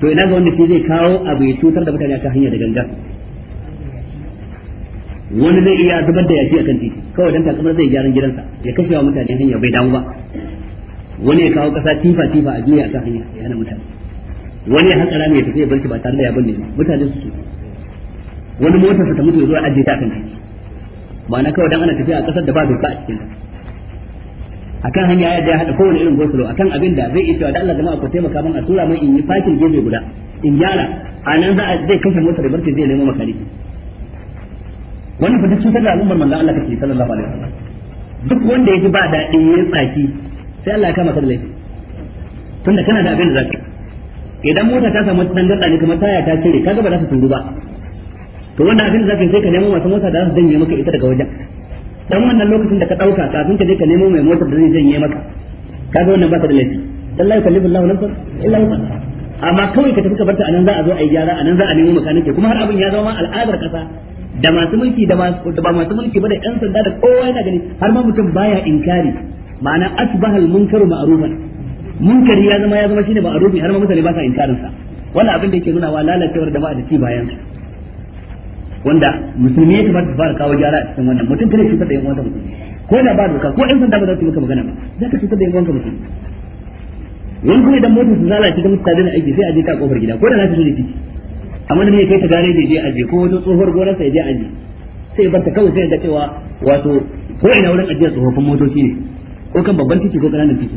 to ina ga wanda ke zai kawo abu ya cutar da mutane akan hanya da ganga wani zai iya zubar da yaji akan titi kawai dan takamar zai gyaran gidansa ya kashe wa mutane hanya bai damu ba wani ya kawo kasa tifa tifa a juya akan hanya ya hana mutane wani ya hankala mai tafiya barki ba tare da ya bane mutane su wani motarsa ta mutu zuwa ajiye ta kan titi ma'ana kawai dan ana tafiya a kasar da ba doka a cikin akan hanya ya ya hada kowane irin gosulo akan abin da zai iya cewa da Allah jama'a ko taimaka min a tura min in yi fakin gobe guda in gyara a nan za a zai kashe motar da barki zai nemo makaniki Wani fa duk cutar da al'ummar manzon Allah kake sallallahu alaihi wasallam duk wanda ya ji ba daɗi ya tsaki sai Allah ya kama ka da laifi tunda kana da abin da zaka idan mota ta samu dan gatsa ne kamar taya ta cire kaga ba za ta tunduba ba to wanda abin da zaka yi sai ka nemo masu mota da za su danye maka ita daga wajen dan wannan lokacin da ka dauka kafin ka je ka nemo mai motar da zai danye maka kaga wannan ba ka da laifi dan alaihi wa sallam. illa wusaha amma kawai ka tafi ka barta anan za a zo a yi gyara anan za a nemo nake kuma har abin ya zama ma al'adar kasa da masu mulki da ba masu mulki ba da yan sanda da kowa yana gani har ma mutum baya inkari ma'ana asbahal munkaru ma'rufan munkari ya zama ya zama shine ba a rubi har ma mutane ba sa inkarin sa wannan abin da yake nuna wa lalacewar ba da ci bayan wanda musulmi ya kamata su fara kawo gyara a cikin wannan mutum kare shi da yan uwansa musulmi ko da ba ka ko san da ba za su yi maka magana ba za ka cutar da yan uwanka musulmi wani kuma idan motar su lalace ta mutane na aiki sai a je ta kofar gida ko da na ta shirya ciki amma da ne kai ta gare da je aje ko wata tsohuwar gonar sai je aje sai ba ta kawai sai ga cewa wato ko ina wurin ajiyar tsofaffin motoci ne ko kan babban titi ko kananan titi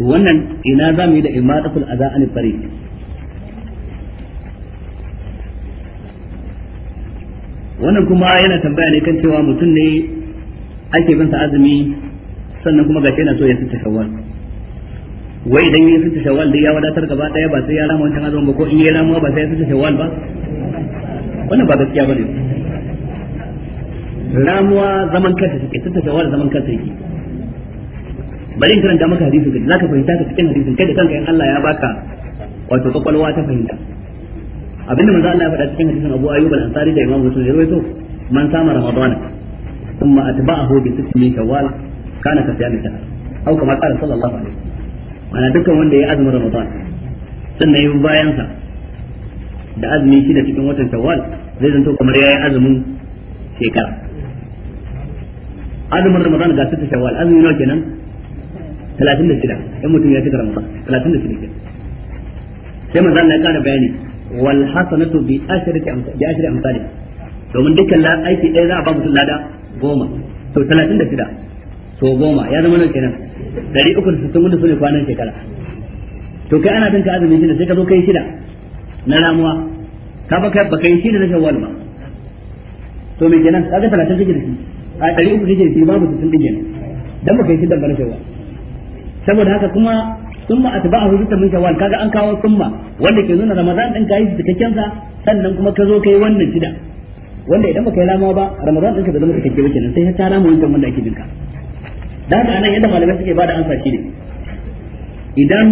to wannan ina za mu yi da imatatul adha an tariq wannan kuma yana tambaya ne kan cewa mutum ne ake bin sa azumi sannan kuma gashi yana so ya sitta shawwal wai idan ya sitta shawwal dai ya wadatar gaba daya ba sai ya rama wancan azumin ba ko in ya rama ba sai ya sitta shawwal ba wannan ba gaskiya bane ramuwa zaman kanta take sitta shawwal zaman kanta take bari in karanta maka hadisin kaji zaka fahimta ka cikin hadisin kai da kanka in Allah ya baka wato kwakwalwa ta fahimta abinda manzo Allah ya faɗa cikin hadisin Abu Ayyub al-Ansari da Imam Muslim ya rawaito man sama Ramadan thumma atba'ahu bi sittin shawwal kana ka siyami shahr au kama qala sallallahu alaihi wasallam ana dukkan wanda ya azumin ramadan sannan yayin bayan sa da azumi shi da cikin watan shawwal zai zanto kamar yayi azumin shekara azumin ramadan ga sittimi shawwal azumi nawa kenan talatin da shida in mutum ya shiga ramadan talatin da shida ke sai manzo Allah ya kara bayani wal hasanatu bi ashrati amsal bi ashrati amsal domin dukkan aiki ɗaya za a ba mutum lada goma to talatin da shida to goma ya zama nan kenan dari uku da sittin wanda sune kwanan shekara to kai ana bin ka azumi shida sai ka zo kai shida na ramuwa ka ba kai bakai shi shida na shawwal ba to me kenan kaga talatin kake da shi a dari uku kake da shi babu sittin din kenan dan baka yi dan ba na shawwal saboda haka kuma summa atba'ahu bi min shawwal kaga an kawo summa wanda ke nuna ramadan din kai cikakken sa sannan kuma ka zo kai wannan shida wanda idan baka yi lama ba ramadan din ka zama cikakke wajen nan sai ka tara mu wannan wanda ake jinka da haka anan yadda malamai suke bada ansa shi ne idan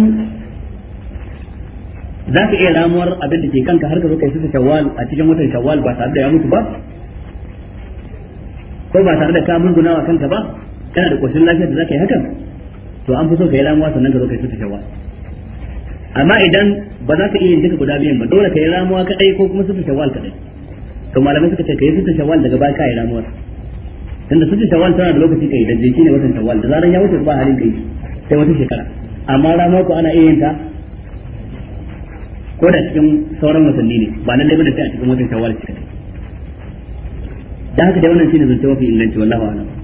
za ka iya ramuwar abin da ke kanka har ka zo kai sita shawwal a cikin watan shawal ba tare da ya mutu ba ko ba tare da ka mungunawa kanka ba kana da koshin lafiya da za ka yi hakan to an fi so ka yi ramuwa sannan ka zo ka yi sutura amma idan ba za ka iya yin duka guda biyan ba dole ka yi ramuwa kadai ko kuma sutura shawal kadai to malamai suka ce ka yi sutura daga baya ka yi ramuwar tunda sutura shawal tana da lokaci kai da jiki ne watan shawal da zaran ya wuce ba halin kai sai wata shekara amma ramuwa ko ana iya yin ta ko da cikin sauran watanni ne ba nan bane sai a cikin watan shawal cikin da haka dai wannan shine zance mafi inganci wallahi wa'ala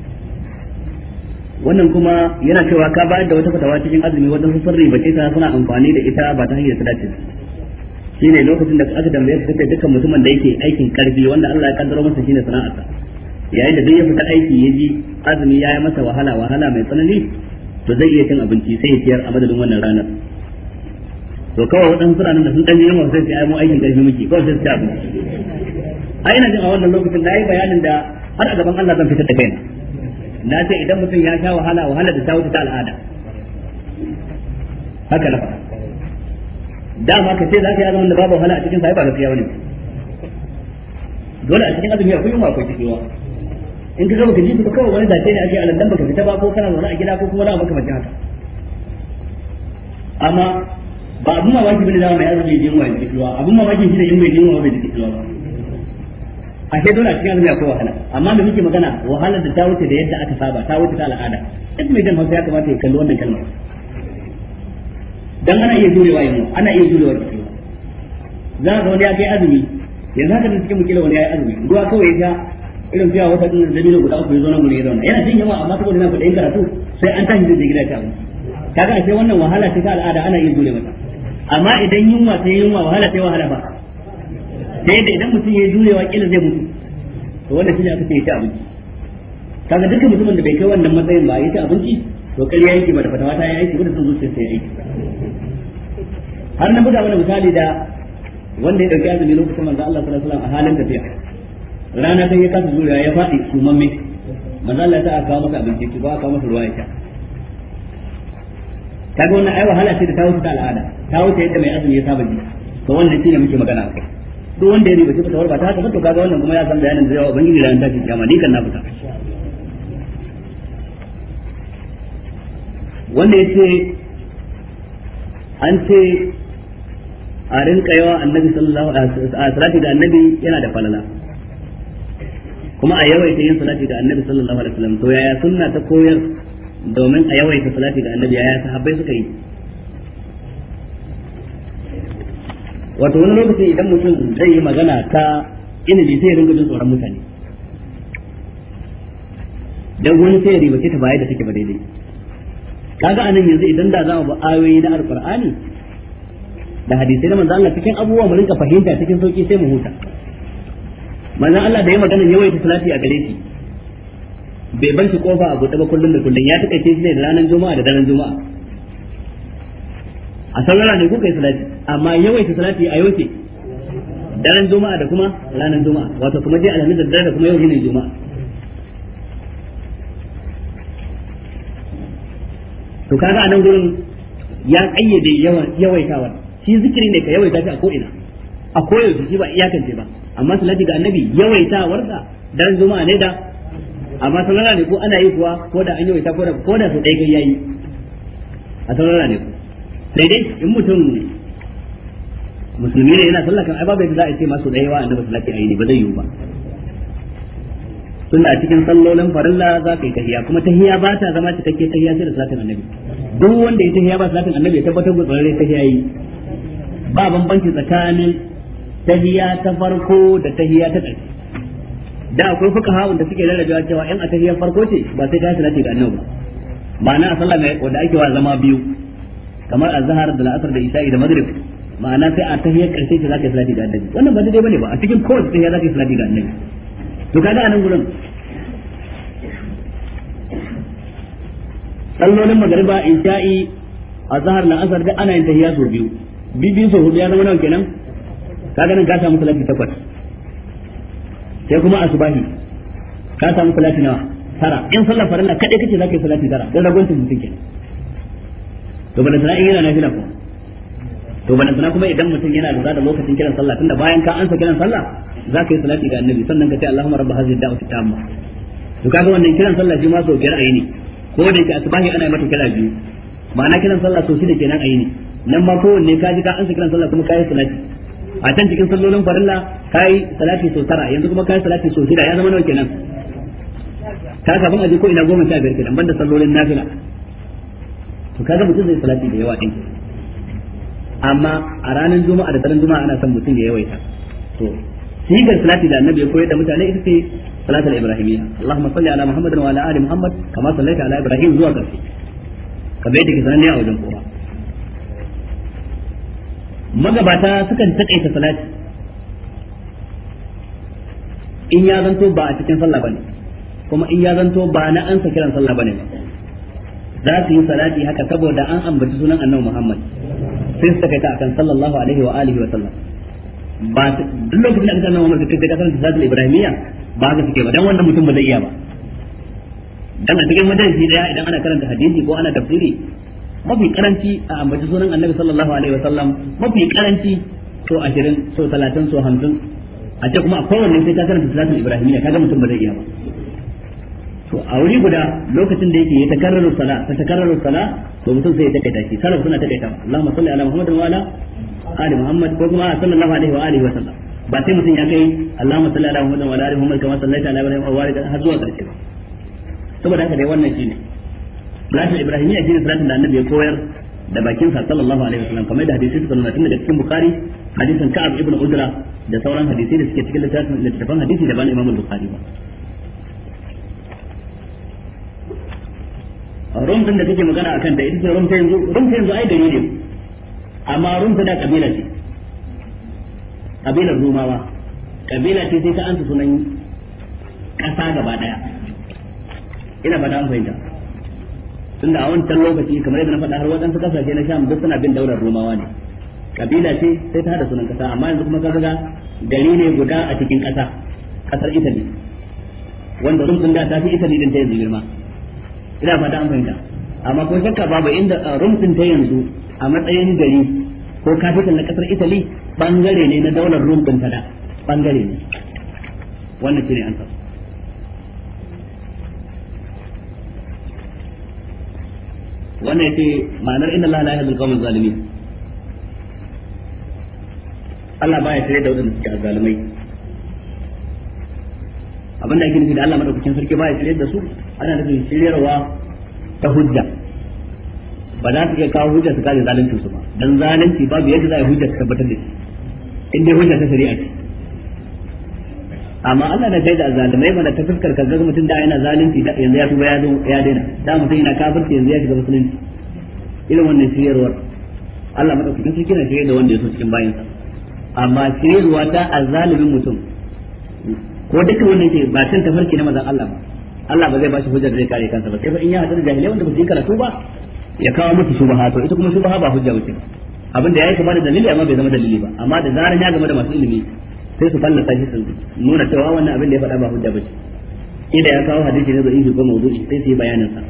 wannan kuma yana cewa ka bayar da wata fatawa cikin azumi wajen sirri bace ta suna amfani da ita ba ta hanyar ta shi shine lokacin da aka tambaye su kai dukkan mutumin da yake aikin karfi wanda Allah ya kaddaro masa shine sana'arsa yayin da duk ya fita aiki ya ji azumi ya yi masa wahala wahala mai tsanani to zai iya cin abinci sai ya ciyar a madadin wannan ranar to kawai waɗansu ranar da sun ɗan yi yawan sai su yi mu aikin karfi muke kawai sai su ci abinci a ina jin a wannan lokacin na yi bayanin da har a gaban Allah zan fitar da kaina na ce idan mutum ya sha wahala wahala da ta wuce ta al'ada haka na faɗa dama ka ce za ka yi azumin da babu wahala a cikin sahiba na gaskiya wani. dole a cikin azumi akwai yunwa akwai kishiwa in ka zama ka ji su kawai wani zace ne ake alandan baka fita ba ko kana zaune a gida ko kuma na maka mace haka amma ba abin mamaki bane dama mai azumi ya ji yunwa ya ji kishiwa Abin mamaki shi ne in bai ji yunwa bai ji kishiwa ba a ke dole a cikin azumi akwai wahala amma da muke magana wahalar da ta wuce da yadda aka saba ta wuce ta al'ada duk mai jan hausa ya kamata ya kalli wannan kalmar dan ana iya jurewa yanzu ana iya jurewa cikin za ga wani ya kai azumi yanzu haka da cikin mukila wani ya yi azumi ruwa kawai ya irin fiya wata ɗin da biyu guda uku ya zo nan gudu ya zauna yana jin yawa amma saboda na kuɗin karatu sai an tashi zai gida ta abinci kaga ce wannan wahala ta al'ada ana iya jurewa ta amma idan yunwa ta yunwa wahala ta wahala ba ta yadda idan mutum ya jurewa kila zai mutu to wannan shine aka ce ya ci abinci kaga dukkan mutumin da bai kai wannan matsayin ba ya ci abinci to kariya yake ba da fatawa ta yi aiki wanda sun zuciya sai ta yi aiki har na buga mana misali da wanda ya dauki azumi lokacin manzo Allah sallallahu alaihi wasallam a halin tafiya rana sai ya kasa jurewa ya faɗi sumamme manzo Allah ta aka masa abinci ki ba aka masa ruwa ya sha kaga wannan ai wahala ce da ta wuce ta al'ada ta wuce yadda mai azumi ya saba ji to wannan shine muke magana kai duk wanda ya ribace fatawar ba ta haka to kaga wannan kuma ya san bayanin da yawa ubangiji ran tashi kiyama ni kan na fita wanda yace an ce a rinka yawa annabi sallallahu alaihi salati da annabi yana da falala kuma a yawaita yin salati da annabi sallallahu alaihi wasallam to yaya sunna ta koyar domin a yawaita salati da annabi yaya sahabbai suka yi wato wani lokaci idan mutum zai yi magana ta ilimi sai ya rinka jin tsoron mutane dan wani sai ya ribace ta baya da take ba daidai kaga anan yanzu idan da za mu ba ayoyi na alqur'ani da hadisai da manzo Allah cikin abubuwa mu rinka fahimta cikin sauki sai mu huta manzo Allah da ya magana ta salati a gare shi bai ban shi kofa a buɗe ba kullum da kullum ya take shi ne da ranar juma'a da daren juma'a a sallara ne kuka yi salati amma yawaita salati a ce. daren juma'a da kuma ranar juma'a wato kuma dai alhamis da dare da kuma yau ne juma'a to kaga a nan gurin ya kayyade yawan yawaitawa shi zikiri ne ka yawaita shi a ko ina a koyaushe shi ba iyakance ba amma salati ga annabi yawaitawar da daren juma'a ne da amma sallara ne ko ana yi kuwa ko da an yawaita ko da ko da su ɗaya kai yayi a sallara ne ko sai dai in mutum musulmi ne yana sallah kan ai babu yadda za a ce masu da annabi sallallahu alaihi wasallam ba zai yiwu ba sunna a cikin sallolin farilla za ka yi tahiya kuma tahiya ba ta zama take tahiya sai da salatin annabi duk wanda ya tahiya ba salatin annabi ya tabbatar da tsare tahiya yi ba bambanci tsakanin tahiya ta farko da tahiya ta ƙarshe da akwai fuqaha da suke rarrabewa cewa in a tahiyar farko ce ba sai ta salati da annabi ba ma'ana a sallah wanda ake wa zama biyu kamar azhar da la'asar da isha'i da maghrib ma'ana sai a tahiyar karshe ce zaka yi salati ga annabi wannan ba daidai bane ba a cikin kowace tahiya zaka yi salati ga annabi to kaga anan gurin sallolin magriba isha'i azhar asar da ana yin tahiya sau biyu bibiyu sau hudu ya zama nawa kenan kaga nan ka samu salati takwas sai kuma asubahi ka samu salati nawa tara in sallar farilla kadai kace zaka yi salati tara dan ragon mutum kenan to bana sana yana na fina ko to bana sana kuma idan mutum yana lura da lokacin kiran sallah tunda bayan ka ansa kiran sallah za ka yi salati ga annabi sannan ka ce Allahumma rabb hadhihi da'wati tamma to kaga wannan kiran sallah shi ma so biyar ayi ne ko da yake asbahi ana mata kira biyu ma'ana kiran sallah so shi da kenan ayi ne nan ma kowanne ka ji ka ansa kiran sallah kuma ka yi salati a can cikin sallolin farilla ka yi salati so tara yanzu kuma ka yi salati so shida ya zama nawa kenan ka kafin aji ko ina goma sha biyar kenan banda sallolin nafila to kaga mutum zai salati da yawa din amma a ranar juma'a da daren juma'a ana son mutum ya yawaita to sigar salati da annabi ya koyar da mutane ita ce salatul ibrahimiyya allahumma salli ala muhammadin wa ala ali muhammad kama sallaita ala ibrahim zuwa ƙarshe kamar yadda ke sananne a wajen kowa magabata sukan takaita salati in ya zanto ba a cikin sallah bane kuma in ya zanto ba na ansa kiran sallah bane ba za su yi salati haka saboda an ambaci sunan annabi Muhammad sai su takaita akan sallallahu alaihi wa alihi wa sallam ba duk lokacin da aka sanar Muhammad sai ka da salatul ibrahimiyya ba haka suke ba dan wannan mutum ba zai iya ba dan a cikin majalisi daya idan ana karanta hadisi ko ana tafsiri mafi karanci a ambaci sunan annabi sallallahu alaihi wa sallam mafi karanci so 20 so 30 so 50 a ce kuma a kowanne sai ta karanta salatul ibrahimiyya kaga mutum ba zai iya ba to a wuri guda lokacin da yake ya takarraru sala ta takarraru sala to mutum sai ya takaita shi salaf suna ta takaita Allahumma salli ala Muhammad wa ala ali Muhammad ko kuma sallallahu alaihi wa alihi wa sallam ba sai mutum ya kai Allahumma salli ala Muhammad wa ala ali Muhammad kama sallaita ala Ibrahim wa ala har zuwa karshe saboda haka dai wannan shine salatul ibrahimiyya shine salatin da annabi ya koyar da bakin sa sallallahu alaihi wa sallam kamar da hadisi da nuna tun cikin bukhari hadisin ka'ab ibn udra da sauran hadisi da suke cikin littafin hadisi da ban imam bukhari ba rumfin da kake magana akan da ita rumfin yanzu rumfin yanzu ai gari ne amma rumfin da kabila ce kabilar rumawa kabila ce sai ta anta sunan kasa gaba daya ina ba da an fahimta tunda a wancan lokaci kamar yadda na faɗa har waɗansu kasashe na sham duk suna bin daular romawa ne kabila ce sai ta hada sunan kasa amma yanzu kuma kaga gari ne guda a cikin kasa kasar italy wanda rumfin da ta fi italy din ta yanzu girma ina fata amfani da amma ko shakka babu inda uh, rumfin ta yanzu a matsayin gari ko kafitan na kasar Italy bangare ne na daular rumfin ta da bangare ne wannan shine an tsara wannan yake ma'anar inna Allah la yahdil qawmal zalimi Allah baya tare da wadanda suke abin abinda ake nufi da Allah madaukakin sarki baya tare da su ana nufin shiryarwa ta hujja ba za su iya kawo hujja su kare zalunci su ba dan zalunci babu yadda za a yi hujja su tabbatar da shi in dai hujja ta shari'a ce amma Allah na da zalimai mana ta fuskar kaga mutum da yana zalunci yanzu ya tuba ya zo ya daina da mutum yana kafirci yanzu ya shiga musulunci irin wannan shiryarwar Allah madaukakin sarki na shirye da wanda ya so cikin bayansa amma shiryarwa ta azalimin mutum ko duka wannan ke ba cin tafarki na mazan Allah ba Allah ba zai ba shi hujjar da zai kare kansa ba sai fa in ya hadar jahiliya wanda ba su yi karatu ba ya kawo musu shubaha to ita kuma shubaha ba hujja bace abin da yayi yi da dalili amma bai zama dalili ba amma da zaran ya game da masu ilimi sai su fallasa shi su nuna cewa wannan abin da ya faɗa ba hujja bace idan ya kawo hadisi ne da ibi ko mawdu'i sai su yi bayanin sa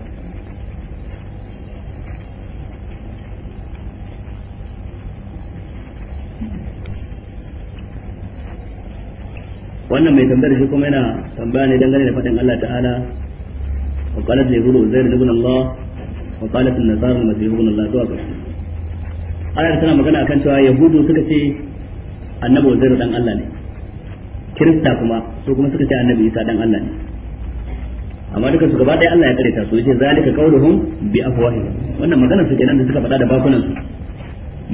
wannan mai tambayar shi kuma yana tambaya ne dangane da faɗin Allah ta'ala wa qalat yahudu zaid ibn Allah wa qalat an-nasara masih ibn Allah to aka ayar tana magana akan cewa yahudu suka ce annabi uzair dan Allah ne kirista kuma su kuma suka ce annabi isa dan Allah ne amma duka su gaba ɗaya Allah ya karanta su yace zalika qauluhum bi afwahihim wannan magana su kenan da suka faɗa da bakunan su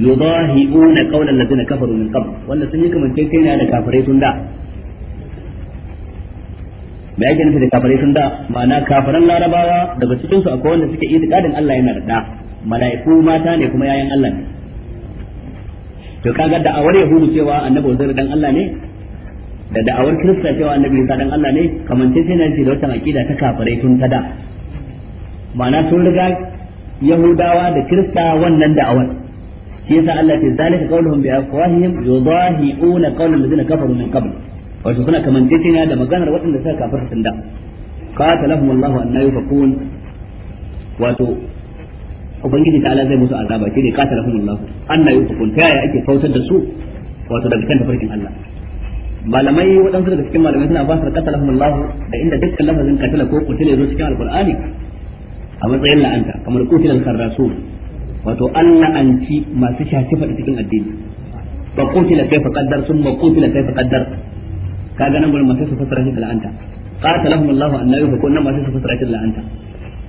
yudahi'una qawla alladhina kafaru min qabl wanda sun yi kamar kai na da kafirai tun da da yake nufi da kafirai tun da ma'ana kafiran larabawa daga cikin su akwai wanda suke itikadin Allah yana da mala'iku mata ne kuma yayan Allah ne to kaga da awar yahudu cewa annabi uzair dan Allah ne da da'awar kirista cewa annabi Isa dan Allah ne kamance sai na ce da wata akida ta kafirai tun ta da ma'ana sun riga yahudawa da kirista wannan da'awar shi yasa Allah ya zalika qauluhum bi afwahihim yudahi'una qawla allazina kafaru min qabl wato suna kamantacciya da maganar waɗanda suka kafirta tunda qatalahum Allahu anna yufakun wato ubangiji ta ala zai musu azaba shi ne qatalahum Allah anna yufakun ta yaya ake kautar da su wato daga kan tafarkin Allah malamai waɗansu daga cikin malamai suna fasar qatalahum Allah da inda dukkan lafazin qatala ko qutila zo cikin alqur'ani a matsayin la'anta kamar qutilan rasul wato Allah anci masu shafi fada cikin addini ba qutila kaifa qaddar summa qutila kaifa qaddar kaga nan gurin masu fasara shi da la'anta qatalahum Allahu annabi ko nan masu fasara shi da la'anta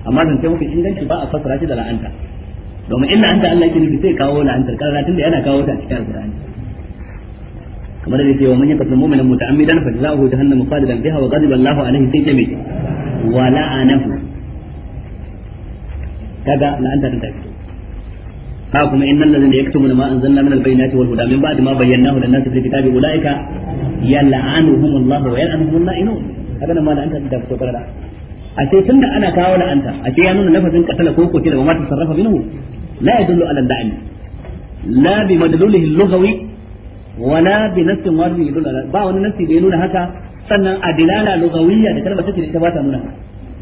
amma dan sai muke inganci ba a fasara shi da la'anta domin illa anta Allah yake nufi sai kawo la'antar kaza tunda yana kawo ta cikin alqur'ani kamar da yake wa man yakfur mu'minan muta'ammidan fa jazaohu jahannam khalidan biha wa ghadiba Allahu alaihi sai jami wa la'anahu kaga la'anta ta tafi ha kuma innal ladzina yaktumuna ma anzalna min al-bayyinati wal huda min ba'di ma bayyanahu lin-nasi fil kitabi ulaika yal'anuhum Allah wa yal'anuhum la'inun kaga nan ma la'anta da ko karara a sai tunda ana kawo la'anta a ce ya nuna lafazin katala ko ko da ma ta sarrafa minhu la yadullu ala da'in la bi madlulihi lughawi wala bi nassin wardi yadullu ala ba wani nassi da ya nuna haka sannan adilala lughawiyya da kalmar take ta ba ta nuna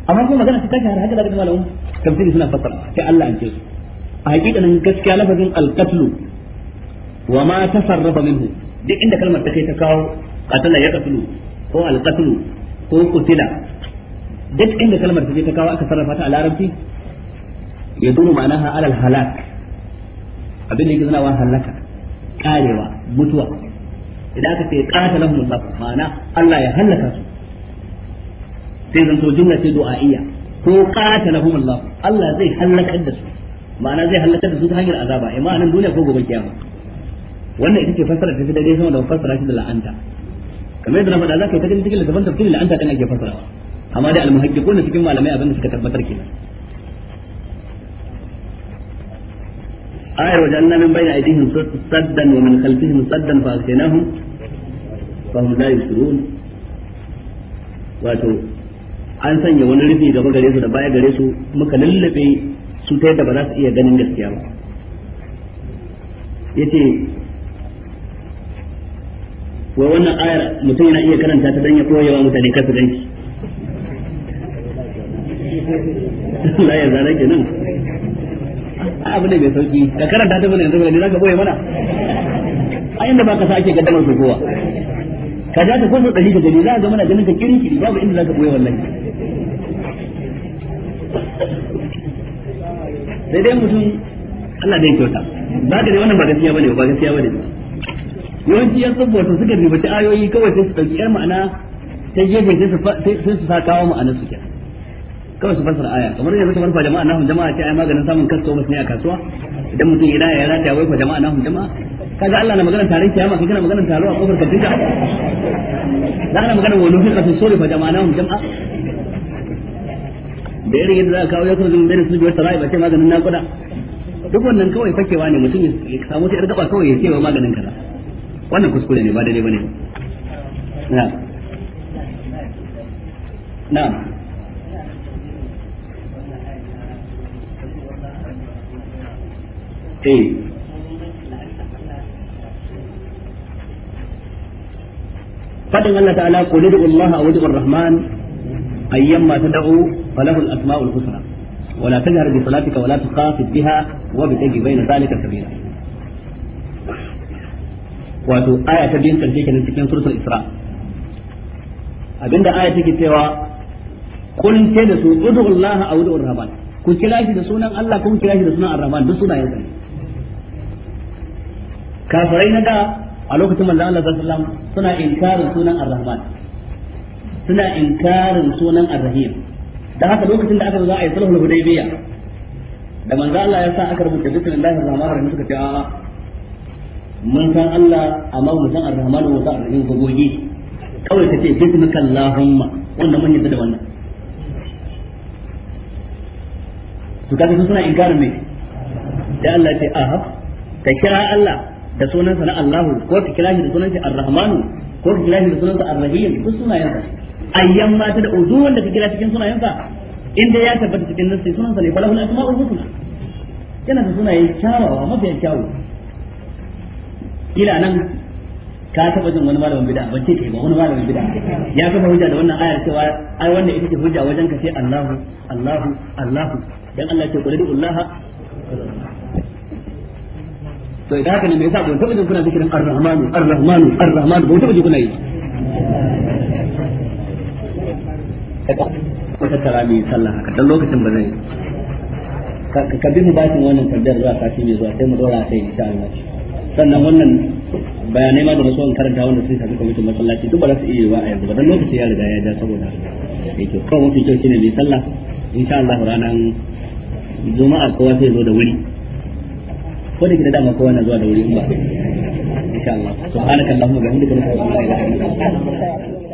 amma kuma magana ta tashi har haka da malamu tafsiri suna fassara sai Allah an ce su a hakikanin gaskiya lafazin alqatlu wa ma tasarrafa minhu duk inda kalmar ta kai ta kawo qatala ya qatlu ko al qatlu ko qutila duk inda kalmar ta kai ta kawo aka sarrafa ta a larabci ya duru ma'anaha alal halak abin da yake zana wa halaka karewa mutuwa idan aka ce qatalahum Allah ma'ana Allah ya halaka su sai zan zanto jumla ce du'a'iyya ko qatalahum Allah Allah zai halakar da su ma'ana zai halakar da su ta hanyar azaba imma nan duniya ko gobe kiyama wannan ita ce fasara ta fi daidai sama da fasara shi da la'anta kamar yadda na faɗa za ka yi ta cikin littafin tafsiri la'anta kan ake fasarawa amma dai almuhaqqiqun cikin malamai abin da suka tabbatar kenan ayar wajanna min bayna aydihim saddan wa min khalfihim saddan fa aksaynahum fa hum la yusrun wato an sanya wani rufi gaba gare su da baya gare su muka lallabe su ta yadda ba za su iya ganin gaskiya ba yace wai wannan ayar mutum yana iya karanta ta dan ya koyewa mutane kar su danki la ya zara nan. abu ne mai sauki ka karanta ta bane yanzu za zaka boye mana a inda ba ka sa ake gaddamar su kowa ka ja ta ko dari ka gani za ka ga mana ganin ka kirin kiri babu inda zaka boye wallahi sai dai mutum Allah zai kyauta ba ka ne wannan ba gaskiya bane ba gaskiya bane ba yawanci ya saboda suka ribaci ayoyi kawai sai su ɗauki yar ma'ana ta gefe sai su sa kawo ma'anar su kawai su fasara aya kamar yanzu kamar fa jama'a nahum jama'a ce ai maganin samun kasko masu ne a kasuwa idan mutum ya ya rata wai fa jama'a nahum jama'a kaga Allah na maganar taron kiyama kai na maganar taro a kofar Za da ana maganar wani fi sun sori fa jama'a nahum jama'a da irin yadda za a kawo ya kuma zumin dare su biyar sarai ba ce maganin nakuda duk wannan kawai fakewa ne mutum ya samu ta yar gaba kawai ya ce wa maganin kaza wannan kuskure ne ba daidai bane na na eh fadin Allah ta'ala qul ud'u Allah wa ud'u rahman ayyam ma tad'u falahu al-asma'ul husna ولا تجهر بصلاتك ولا تخافت بها وابتغي بين ذلك سبيلا wato aya ta biyan karshe kenan cikin suratul isra abinda aya take cewa kun ce da su ud'ullaha a ud'ur rahman ku kira shi da sunan Allah kun kira shi da sunan ar-rahman duk sunayen sa kafirai na da a lokacin manzon Allah sallallahu alaihi wasallam suna inkarin sunan ar-rahman suna inkarin sunan ar-rahim da haka lokacin da aka zo za a yi sulhul hudaybiyya da manzo Allah ya sa aka rubuta bismillahir rahmanir rahim suka ce a'a mun san Allah amma mun san Ar-Rahman wa Ar-Rahim ko goge kawai kace bismika Allahumma wannan mun yadda da wannan to kaga suna inkarin me da Allah ce aha ka kira Allah da sunansa na Allahu ko ka kira shi da sunansa Ar-Rahman ko ka kira shi da sunansa Ar-Rahim ko sunayensa ayyan mata da uzuwan da ka kira cikin sunayensa inda ya tabbata cikin nassi sunansa ne falahul asma'ul husna yana da sunaye kyawawa mafiya kyawu kila nan ka taba jin wani malamin bid'a ban ce kai ba wani malamin bid'a ya kafa hujja da wannan ayar cewa ai wannan ita ce hujja wajen ka sai Allahu Allahu Allahu dan Allah ce kulli ullaha to idan haka ne me yasa ban taba jin kuna zikirin Ar-Rahman Ar-Rahman Ar-Rahman ban taba jin kuna yi ka tattara mai sallah haka dan lokacin ba zai ka bi mu bashin wannan tambayar zuwa sati mai zuwa sai mu dora sai insha Allah sannan wannan bayanai ma da wasu an karanta wanda sun shafi kwamitin masallaci duk ba za su iya yiwa a yanzu ba don lokaci ya riga ya ja saboda yake kawai mafi kyau shine mai sallah insha Allah ranar juma'a kowa sai zo da wuri ko da ke da dama kowa na zuwa da wuri in ba insha Allah subhanakallahumma wa bihamdika nashhadu an la ilaha illa anta